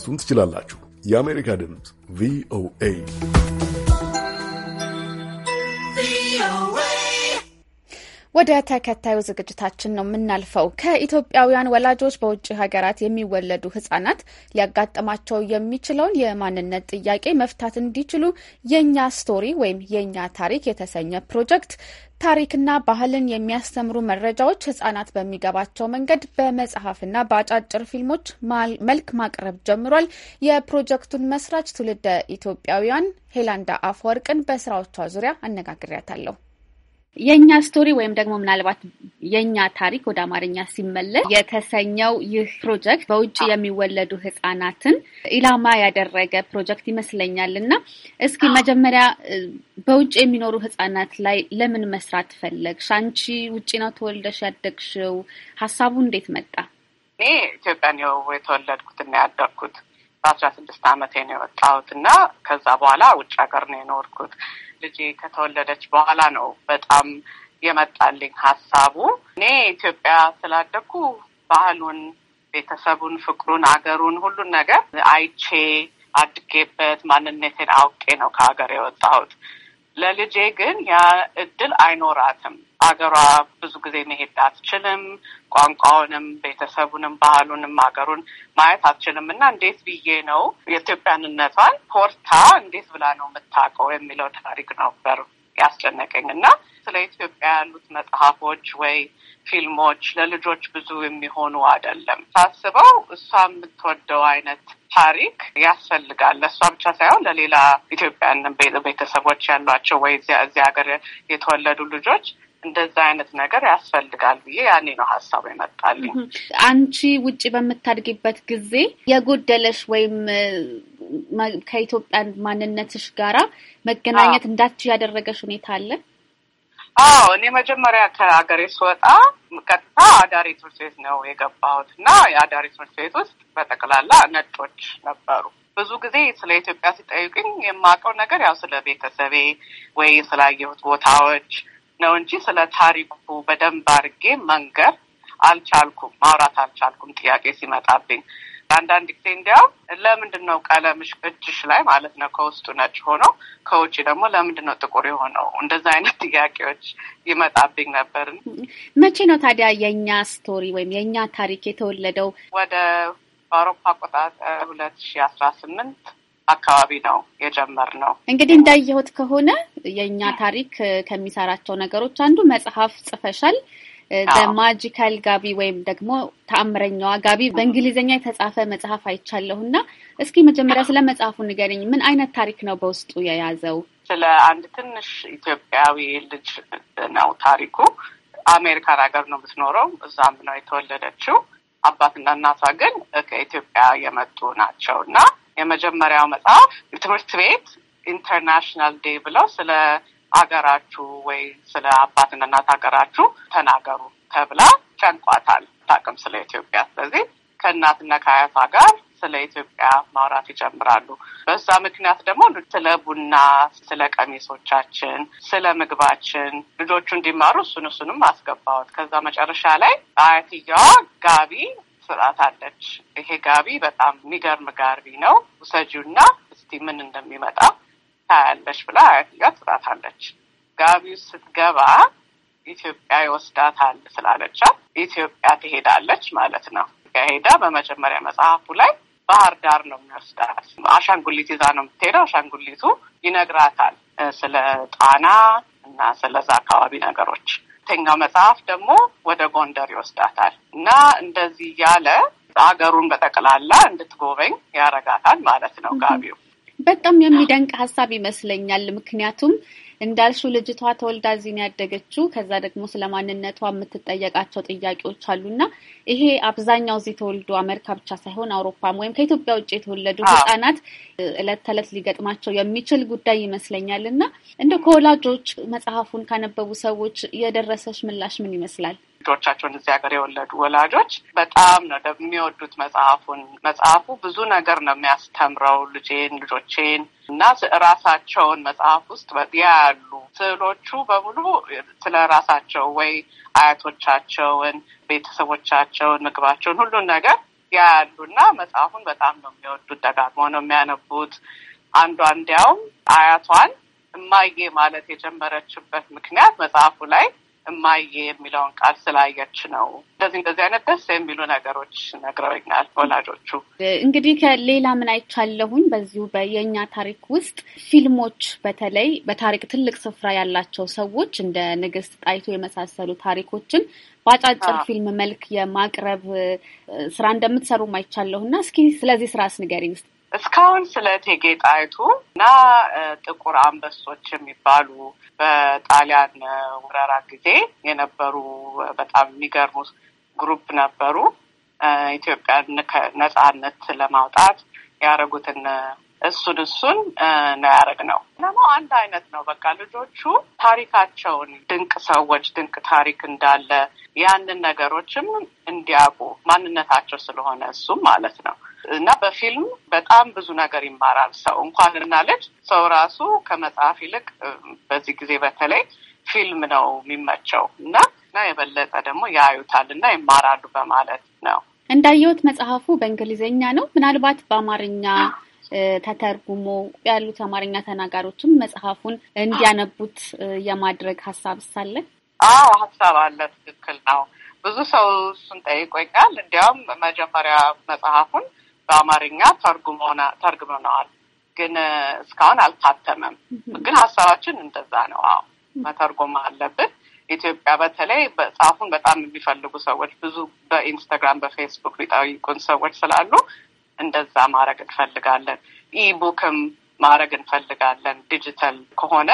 ልታደርሱን ትችላላችሁ። የአሜሪካ ድምፅ ቪኦኤ ወደ ተከታዩ ዝግጅታችን ነው የምናልፈው። ከኢትዮጵያውያን ወላጆች በውጭ ሀገራት የሚወለዱ ህጻናት ሊያጋጥማቸው የሚችለውን የማንነት ጥያቄ መፍታት እንዲችሉ የእኛ ስቶሪ ወይም የእኛ ታሪክ የተሰኘ ፕሮጀክት ታሪክና ባህልን የሚያስተምሩ መረጃዎች ህጻናት በሚገባቸው መንገድ በመጽሐፍና በአጫጭር ፊልሞች መልክ ማቅረብ ጀምሯል። የፕሮጀክቱን መስራች ትውልደ ኢትዮጵያውያን ሄላንዳ አፈወርቅን በስራዎቿ ዙሪያ አነጋግሬያታለሁ። የእኛ ስቶሪ ወይም ደግሞ ምናልባት የእኛ ታሪክ ወደ አማርኛ ሲመለስ የተሰኘው ይህ ፕሮጀክት በውጭ የሚወለዱ ህጻናትን ኢላማ ያደረገ ፕሮጀክት ይመስለኛል እና እስኪ መጀመሪያ በውጭ የሚኖሩ ህጻናት ላይ ለምን መስራት ፈለግሽ? አንቺ ውጭ ነው ተወልደሽ ያደግሽው። ሀሳቡ እንዴት መጣ? እኔ ኢትዮጵያ ነው የተወለድኩትና ያደግኩት በአስራ ስድስት አመቴ ነው የወጣሁት እና ከዛ በኋላ ውጭ ሀገር ነው የኖርኩት ልጄ ከተወለደች በኋላ ነው በጣም የመጣልኝ ሀሳቡ። እኔ ኢትዮጵያ ስላደኩ ባህሉን፣ ቤተሰቡን፣ ፍቅሩን፣ አገሩን ሁሉን ነገር አይቼ አድጌበት ማንነቴን አውቄ ነው ከሀገር የወጣሁት። ለልጄ ግን ያ እድል አይኖራትም። አገሯ ብዙ ጊዜ መሄድ አትችልም። ቋንቋውንም፣ ቤተሰቡንም፣ ባህሉንም አገሩን ማየት አትችልም እና እንዴት ብዬ ነው የኢትዮጵያንነቷን ፖርታ እንዴት ብላ ነው የምታውቀው የሚለው ታሪክ ነበር። ያስጨነቀኝ እና ስለ ኢትዮጵያ ያሉት መጽሐፎች ወይ ፊልሞች ለልጆች ብዙ የሚሆኑ አይደለም። ሳስበው እሷ የምትወደው አይነት ታሪክ ያስፈልጋል። ለእሷ ብቻ ሳይሆን ለሌላ ኢትዮጵያን ቤተሰቦች ያሏቸው ወይ እዚህ ሀገር የተወለዱ ልጆች እንደዛ አይነት ነገር ያስፈልጋል ብዬ ያኔ ነው ሀሳቡ ይመጣልኝ። አንቺ ውጭ በምታድጊበት ጊዜ የጎደለሽ ወይም ከኢትዮጵያ ማንነትሽ ጋራ መገናኘት እንዳትች ያደረገሽ ሁኔታ አለ? አዎ እኔ መጀመሪያ ከሀገሬ ስወጣ ቀጥታ አዳሪ ትምህርት ቤት ነው የገባሁት እና የአዳሪ ትምህርት ቤት ውስጥ በጠቅላላ ነጮች ነበሩ። ብዙ ጊዜ ስለ ኢትዮጵያ ሲጠይቅኝ የማውቀው ነገር ያው ስለ ቤተሰቤ ወይ ስላየሁት ቦታዎች ነው እንጂ ስለ ታሪኩ በደንብ አድርጌ መንገር አልቻልኩም፣ ማውራት አልቻልኩም ጥያቄ ሲመጣብኝ። አንዳንድ ጊዜ እንዲያውም ለምንድን ነው ቀለምሽ እጅሽ ላይ ማለት ነው ከውስጡ ነጭ ሆኖ ከውጭ ደግሞ ለምንድን ነው ጥቁር የሆነው? እንደዛ አይነት ጥያቄዎች ይመጣብኝ ነበር። መቼ ነው ታዲያ የእኛ ስቶሪ ወይም የእኛ ታሪክ የተወለደው? ወደ በአውሮፓ አቆጣጠር ሁለት ሺ አስራ ስምንት አካባቢ ነው የጀመርነው። እንግዲህ እንዳየሁት ከሆነ የእኛ ታሪክ ከሚሰራቸው ነገሮች አንዱ መጽሐፍ ጽፈሻል። ማጂካል ጋቢ ወይም ደግሞ ተአምረኛዋ ጋቢ በእንግሊዝኛ የተጻፈ መጽሐፍ አይቻለሁ እና እስኪ መጀመሪያ ስለ መጽሐፉ ንገርኝ። ምን አይነት ታሪክ ነው በውስጡ የያዘው? ስለ አንድ ትንሽ ኢትዮጵያዊ ልጅ ነው ታሪኩ። አሜሪካን ሀገር ነው የምትኖረው፣ እዛም ነው የተወለደችው። አባትና እናቷ ግን ከኢትዮጵያ የመጡ ናቸው እና የመጀመሪያው መጽሐፍ ትምህርት ቤት ኢንተርናሽናል ዴይ ብለው ስለ አገራችሁ ወይ ስለ አባትና እናት ሀገራችሁ ተናገሩ ተብላ ጨንቋታል። ታቅም ስለ ኢትዮጵያ ስለዚህ ከእናትና ከአያቷ ጋር ስለ ኢትዮጵያ ማውራት ይጀምራሉ። በዛ ምክንያት ደግሞ ስለ ቡና፣ ስለ ቀሚሶቻችን፣ ስለ ምግባችን ልጆቹ እንዲማሩ እሱን እሱንም አስገባሁት። ከዛ መጨረሻ ላይ አያትየዋ ጋቢ ስርዓት አለች። ይሄ ጋቢ በጣም የሚገርም ጋቢ ነው፣ ውሰጂውና እስቲ ምን እንደሚመጣ ታያለች ብላ አያትጋ ትላታለች። ጋቢው ስትገባ ኢትዮጵያ ይወስዳታል ስላለቻት ኢትዮጵያ ትሄዳለች ማለት ነው። ሄዳ በመጀመሪያ መጽሐፉ ላይ ባህር ዳር ነው የሚወስዳት። አሻንጉሊት ይዛ ነው የምትሄደው። አሻንጉሊቱ ይነግራታል ስለ ጣና እና ስለዛ አካባቢ ነገሮች። ሁለተኛው መጽሐፍ ደግሞ ወደ ጎንደር ይወስዳታል እና እንደዚህ እያለ አገሩን በጠቅላላ እንድትጎበኝ ያረጋታል ማለት ነው ጋቢው። በጣም የሚደንቅ ሀሳብ ይመስለኛል። ምክንያቱም እንዳልሹ ልጅቷ ተወልዳ እዚህ ነው ያደገችው። ከዛ ደግሞ ስለ ማንነቷ የምትጠየቃቸው ጥያቄዎች አሉና ይሄ አብዛኛው እዚህ ተወልዶ አሜሪካ ብቻ ሳይሆን አውሮፓም ወይም ከኢትዮጵያ ውጭ የተወለዱ ህጻናት እለት ተዕለት ሊገጥማቸው የሚችል ጉዳይ ይመስለኛል እና እንደ ከወላጆች መጽሐፉን ካነበቡ ሰዎች የደረሰች ምላሽ ምን ይመስላል? ልጆቻቸውን እዚህ ሀገር የወለዱ ወላጆች በጣም ነው የሚወዱት መጽሐፉን። መጽሐፉ ብዙ ነገር ነው የሚያስተምረው ልጄን፣ ልጆቼን እና ራሳቸውን መጽሐፍ ውስጥ ያሉ ስዕሎቹ በሙሉ ስለ ራሳቸው ወይ አያቶቻቸውን፣ ቤተሰቦቻቸውን፣ ምግባቸውን፣ ሁሉን ነገር ያሉ እና መጽሐፉን በጣም ነው የሚወዱት። ደጋግሞ ነው የሚያነቡት። አንዷ እንዲያውም አያቷን እማዬ ማለት የጀመረችበት ምክንያት መጽሐፉ ላይ እማዬ የሚለውን ቃል ስላየች ነው። እንደዚህ እንደዚህ አይነት ደስ የሚሉ ነገሮች ነግረውኛል ወላጆቹ። እንግዲህ ከሌላ ምን አይቻለሁኝ በዚሁ በየእኛ ታሪክ ውስጥ ፊልሞች፣ በተለይ በታሪክ ትልቅ ስፍራ ያላቸው ሰዎች እንደ ንግስት ጣይቱ የመሳሰሉ ታሪኮችን በአጫጭር ፊልም መልክ የማቅረብ ስራ እንደምትሰሩ አይቻለሁ እና እስኪ ስለዚህ ስራ ስንገሪ ውስጥ እስካሁን ስለ እቴጌ ጣይቱ እና ጥቁር አንበሶች የሚባሉ በጣሊያን ወረራ ጊዜ የነበሩ በጣም የሚገርሙ ግሩፕ ነበሩ። ኢትዮጵያን ነጻነት ለማውጣት ያደረጉትን እሱን እሱን ነው ነው። ዓላማው አንድ አይነት ነው። በቃ ልጆቹ ታሪካቸውን ድንቅ ሰዎች ድንቅ ታሪክ እንዳለ ያንን ነገሮችም እንዲያውቁ ማንነታቸው ስለሆነ እሱም ማለት ነው እና በፊልም በጣም ብዙ ነገር ይማራል ሰው እንኳን እና ልጅ ሰው ራሱ ከመጽሐፍ ይልቅ በዚህ ጊዜ በተለይ ፊልም ነው የሚመቸው እና እና የበለጠ ደግሞ ያዩታል እና ይማራሉ በማለት ነው። እንዳየሁት መጽሐፉ በእንግሊዝኛ ነው። ምናልባት በአማርኛ ተተርጉሞ ያሉት አማርኛ ተናጋሪዎችም መጽሐፉን እንዲያነቡት የማድረግ ሀሳብ ሳለ? አዎ ሀሳብ አለ። ትክክል ነው። ብዙ ሰው እሱን ጠይቆኛል። እንዲያውም መጀመሪያ መጽሐፉን በአማርኛ ተርጉመነዋል፣ ግን እስካሁን አልታተመም። ግን ሀሳባችን እንደዛ ነው። አዎ መተርጎም አለብን። ኢትዮጵያ በተለይ መጽሐፉን በጣም የሚፈልጉ ሰዎች ብዙ በኢንስታግራም በፌስቡክ ሊጠይቁን ሰዎች ስላሉ እንደዛ ማድረግ እንፈልጋለን። ኢቡክም ማድረግ እንፈልጋለን ዲጂታል ከሆነ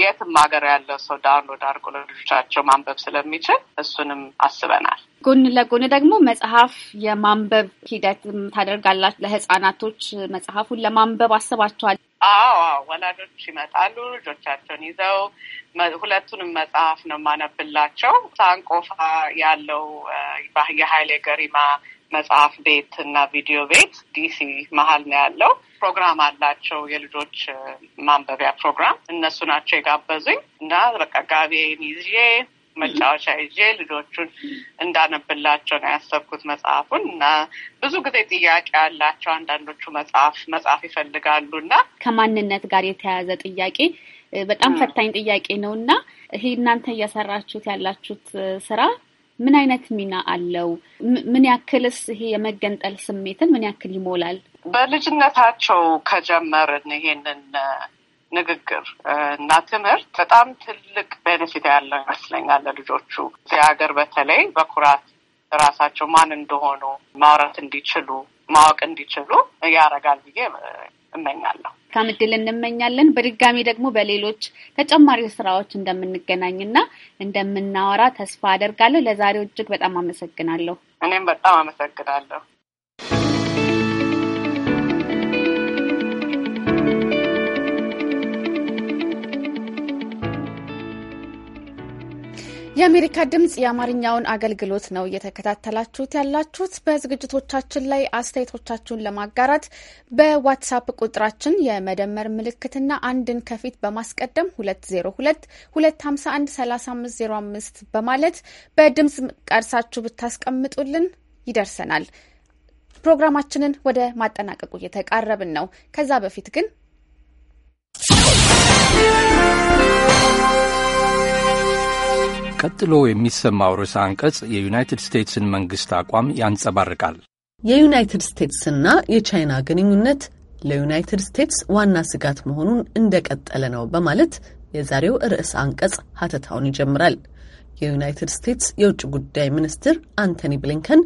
የትም ሀገር ያለው ሰው ዳውንሎድ አድርጎ ለልጆቻቸው ማንበብ ስለሚችል እሱንም አስበናል። ጎን ለጎን ደግሞ መጽሐፍ የማንበብ ሂደት ታደርጋላችሁ። ለህፃናቶች መጽሐፉን ለማንበብ አስባችኋል? አዎ፣ ወላጆች ይመጣሉ ልጆቻቸውን ይዘው ሁለቱንም መጽሐፍ ነው የማነብላቸው። ሳንቆፋ ያለው የሀይሌ ገሪማ መጽሐፍ ቤት እና ቪዲዮ ቤት ዲሲ መሀል ነው ያለው። ፕሮግራም አላቸው፣ የልጆች ማንበቢያ ፕሮግራም። እነሱ ናቸው የጋበዙኝ እና በቃ ጋቤን ይዤ መጫወቻ ይዤ ልጆቹን እንዳነብላቸው ነው ያሰብኩት መጽሐፉን። እና ብዙ ጊዜ ጥያቄ ያላቸው አንዳንዶቹ መጽሐፍ መጽሐፍ ይፈልጋሉ እና ከማንነት ጋር የተያያዘ ጥያቄ በጣም ፈታኝ ጥያቄ ነው እና ይሄ እናንተ እያሰራችሁት ያላችሁት ስራ ምን አይነት ሚና አለው? ምን ያክልስ ይሄ የመገንጠል ስሜትን ምን ያክል ይሞላል? በልጅነታቸው ከጀመርን ይሄንን ንግግር እና ትምህርት በጣም ትልቅ ቤኔፊት ያለው ይመስለኛል። ለልጆቹ እዚህ ሀገር በተለይ በኩራት ራሳቸው ማን እንደሆኑ ማውራት እንዲችሉ ማወቅ እንዲችሉ ያደርጋል ብዬ እመኛለሁ። መልካም እድል እንመኛለን። በድጋሚ ደግሞ በሌሎች ተጨማሪ ስራዎች እንደምንገናኝና እንደምናወራ ተስፋ አደርጋለሁ። ለዛሬው እጅግ በጣም አመሰግናለሁ። እኔም በጣም አመሰግናለሁ። የአሜሪካ ድምጽ የአማርኛውን አገልግሎት ነው እየተከታተላችሁት ያላችሁት። በዝግጅቶቻችን ላይ አስተያየቶቻችሁን ለማጋራት በዋትሳፕ ቁጥራችን የመደመር ምልክትና አንድን ከፊት በማስቀደም 202 251 3505 በማለት በድምጽ ቀርሳችሁ ብታስቀምጡልን ይደርሰናል። ፕሮግራማችንን ወደ ማጠናቀቁ እየተቃረብን ነው። ከዛ በፊት ግን ቀጥሎ የሚሰማው ርዕሰ አንቀጽ የዩናይትድ ስቴትስን መንግሥት አቋም ያንጸባርቃል። የዩናይትድ ስቴትስና የቻይና ግንኙነት ለዩናይትድ ስቴትስ ዋና ስጋት መሆኑን እንደቀጠለ ነው በማለት የዛሬው ርዕሰ አንቀጽ ሀተታውን ይጀምራል። የዩናይትድ ስቴትስ የውጭ ጉዳይ ሚኒስትር አንቶኒ ብሊንከን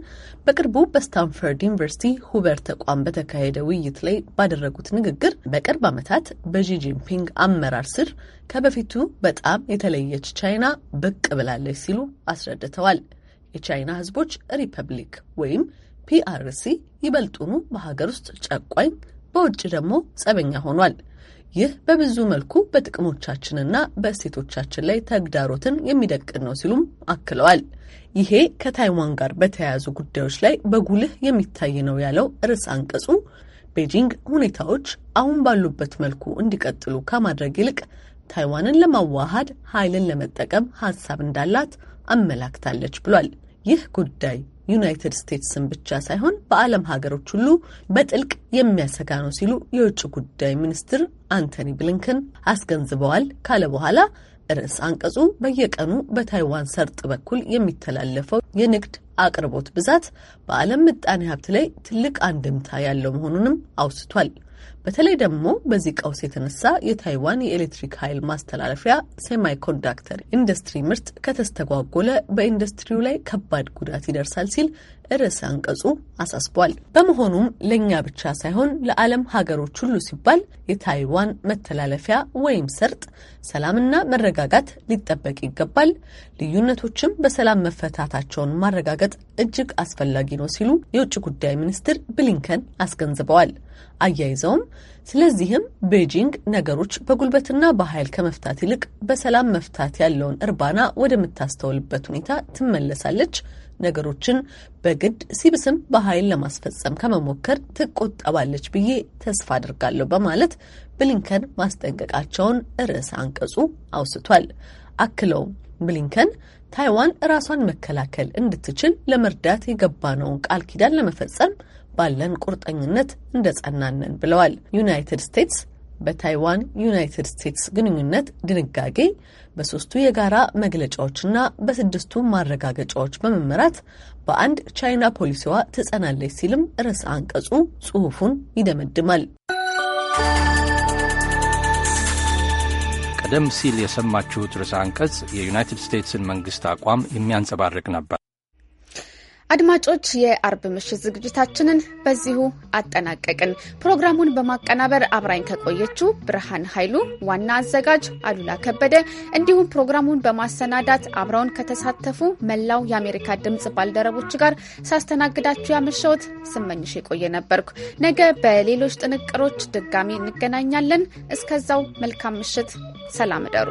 በቅርቡ በስታንፈርድ ዩኒቨርሲቲ ሁበር ተቋም በተካሄደ ውይይት ላይ ባደረጉት ንግግር በቅርብ ዓመታት በዢጂንፒንግ ጂንፒንግ አመራር ስር ከበፊቱ በጣም የተለየች ቻይና ብቅ ብላለች ሲሉ አስረድተዋል። የቻይና ሕዝቦች ሪፐብሊክ ወይም ፒአርሲ ይበልጡኑ በሀገር ውስጥ ጨቋኝ፣ በውጭ ደግሞ ጸበኛ ሆኗል። ይህ በብዙ መልኩ በጥቅሞቻችንና በእሴቶቻችን ላይ ተግዳሮትን የሚደቅን ነው ሲሉም አክለዋል። ይሄ ከታይዋን ጋር በተያያዙ ጉዳዮች ላይ በጉልህ የሚታይ ነው ያለው ርዕስ አንቀጹ ቤጂንግ ሁኔታዎች አሁን ባሉበት መልኩ እንዲቀጥሉ ከማድረግ ይልቅ ታይዋንን ለማዋሃድ ኃይልን ለመጠቀም ሀሳብ እንዳላት አመላክታለች ብሏል። ይህ ጉዳይ ዩናይትድ ስቴትስን ብቻ ሳይሆን በዓለም ሀገሮች ሁሉ በጥልቅ የሚያሰጋ ነው ሲሉ የውጭ ጉዳይ ሚኒስትር አንቶኒ ብሊንከን አስገንዝበዋል ካለ በኋላ ርዕስ አንቀጹ በየቀኑ በታይዋን ሰርጥ በኩል የሚተላለፈው የንግድ አቅርቦት ብዛት በዓለም ምጣኔ ሀብት ላይ ትልቅ አንድምታ ያለው መሆኑንም አውስቷል። በተለይ ደግሞ በዚህ ቀውስ የተነሳ የታይዋን የኤሌክትሪክ ኃይል ማስተላለፊያ ሴማይ ኮንዳክተር ኢንዱስትሪ ምርት ከተስተጓጎለ በኢንዱስትሪው ላይ ከባድ ጉዳት ይደርሳል ሲል ርዕሰ አንቀጹ አሳስቧል። በመሆኑም ለእኛ ብቻ ሳይሆን ለዓለም ሀገሮች ሁሉ ሲባል የታይዋን መተላለፊያ ወይም ሰርጥ ሰላምና መረጋጋት ሊጠበቅ ይገባል። ልዩነቶችም በሰላም መፈታታቸውን ማረጋገጥ እጅግ አስፈላጊ ነው ሲሉ የውጭ ጉዳይ ሚኒስትር ብሊንከን አስገንዝበዋል። አያይዘውም ስለዚህም ቤጂንግ ነገሮች በጉልበትና በኃይል ከመፍታት ይልቅ በሰላም መፍታት ያለውን እርባና ወደምታስተውልበት ሁኔታ ትመለሳለች ነገሮችን በግድ ሲብስም በኃይል ለማስፈጸም ከመሞከር ትቆጠባለች ብዬ ተስፋ አድርጋለሁ በማለት ብሊንከን ማስጠንቀቃቸውን ርዕስ አንቀጹ አውስቷል። አክለው ብሊንከን ታይዋን ራሷን መከላከል እንድትችል ለመርዳት የገባነውን ቃል ኪዳን ለመፈጸም ባለን ቁርጠኝነት እንደጸናነን ብለዋል። ዩናይትድ ስቴትስ በታይዋን ዩናይትድ ስቴትስ ግንኙነት ድንጋጌ በሶስቱ የጋራ መግለጫዎችና በስድስቱ ማረጋገጫዎች በመመራት በአንድ ቻይና ፖሊሲዋ ትጸናለች ሲልም ርዕሰ አንቀጹ ጽሑፉን ይደመድማል። ቀደም ሲል የሰማችሁት ርዕሰ አንቀጽ የዩናይትድ ስቴትስን መንግስት አቋም የሚያንጸባርቅ ነበር። አድማጮች የአርብ ምሽት ዝግጅታችንን በዚሁ አጠናቀቅን። ፕሮግራሙን በማቀናበር አብራኝ ከቆየችው ብርሃን ኃይሉ፣ ዋና አዘጋጅ አሉላ ከበደ እንዲሁም ፕሮግራሙን በማሰናዳት አብረውን ከተሳተፉ መላው የአሜሪካ ድምፅ ባልደረቦች ጋር ሳስተናግዳችሁ ያመሸሁት ስመኝሽ የቆየ ነበርኩ። ነገ በሌሎች ጥንቅሮች ድጋሚ እንገናኛለን። እስከዛው መልካም ምሽት፣ ሰላም እደሩ።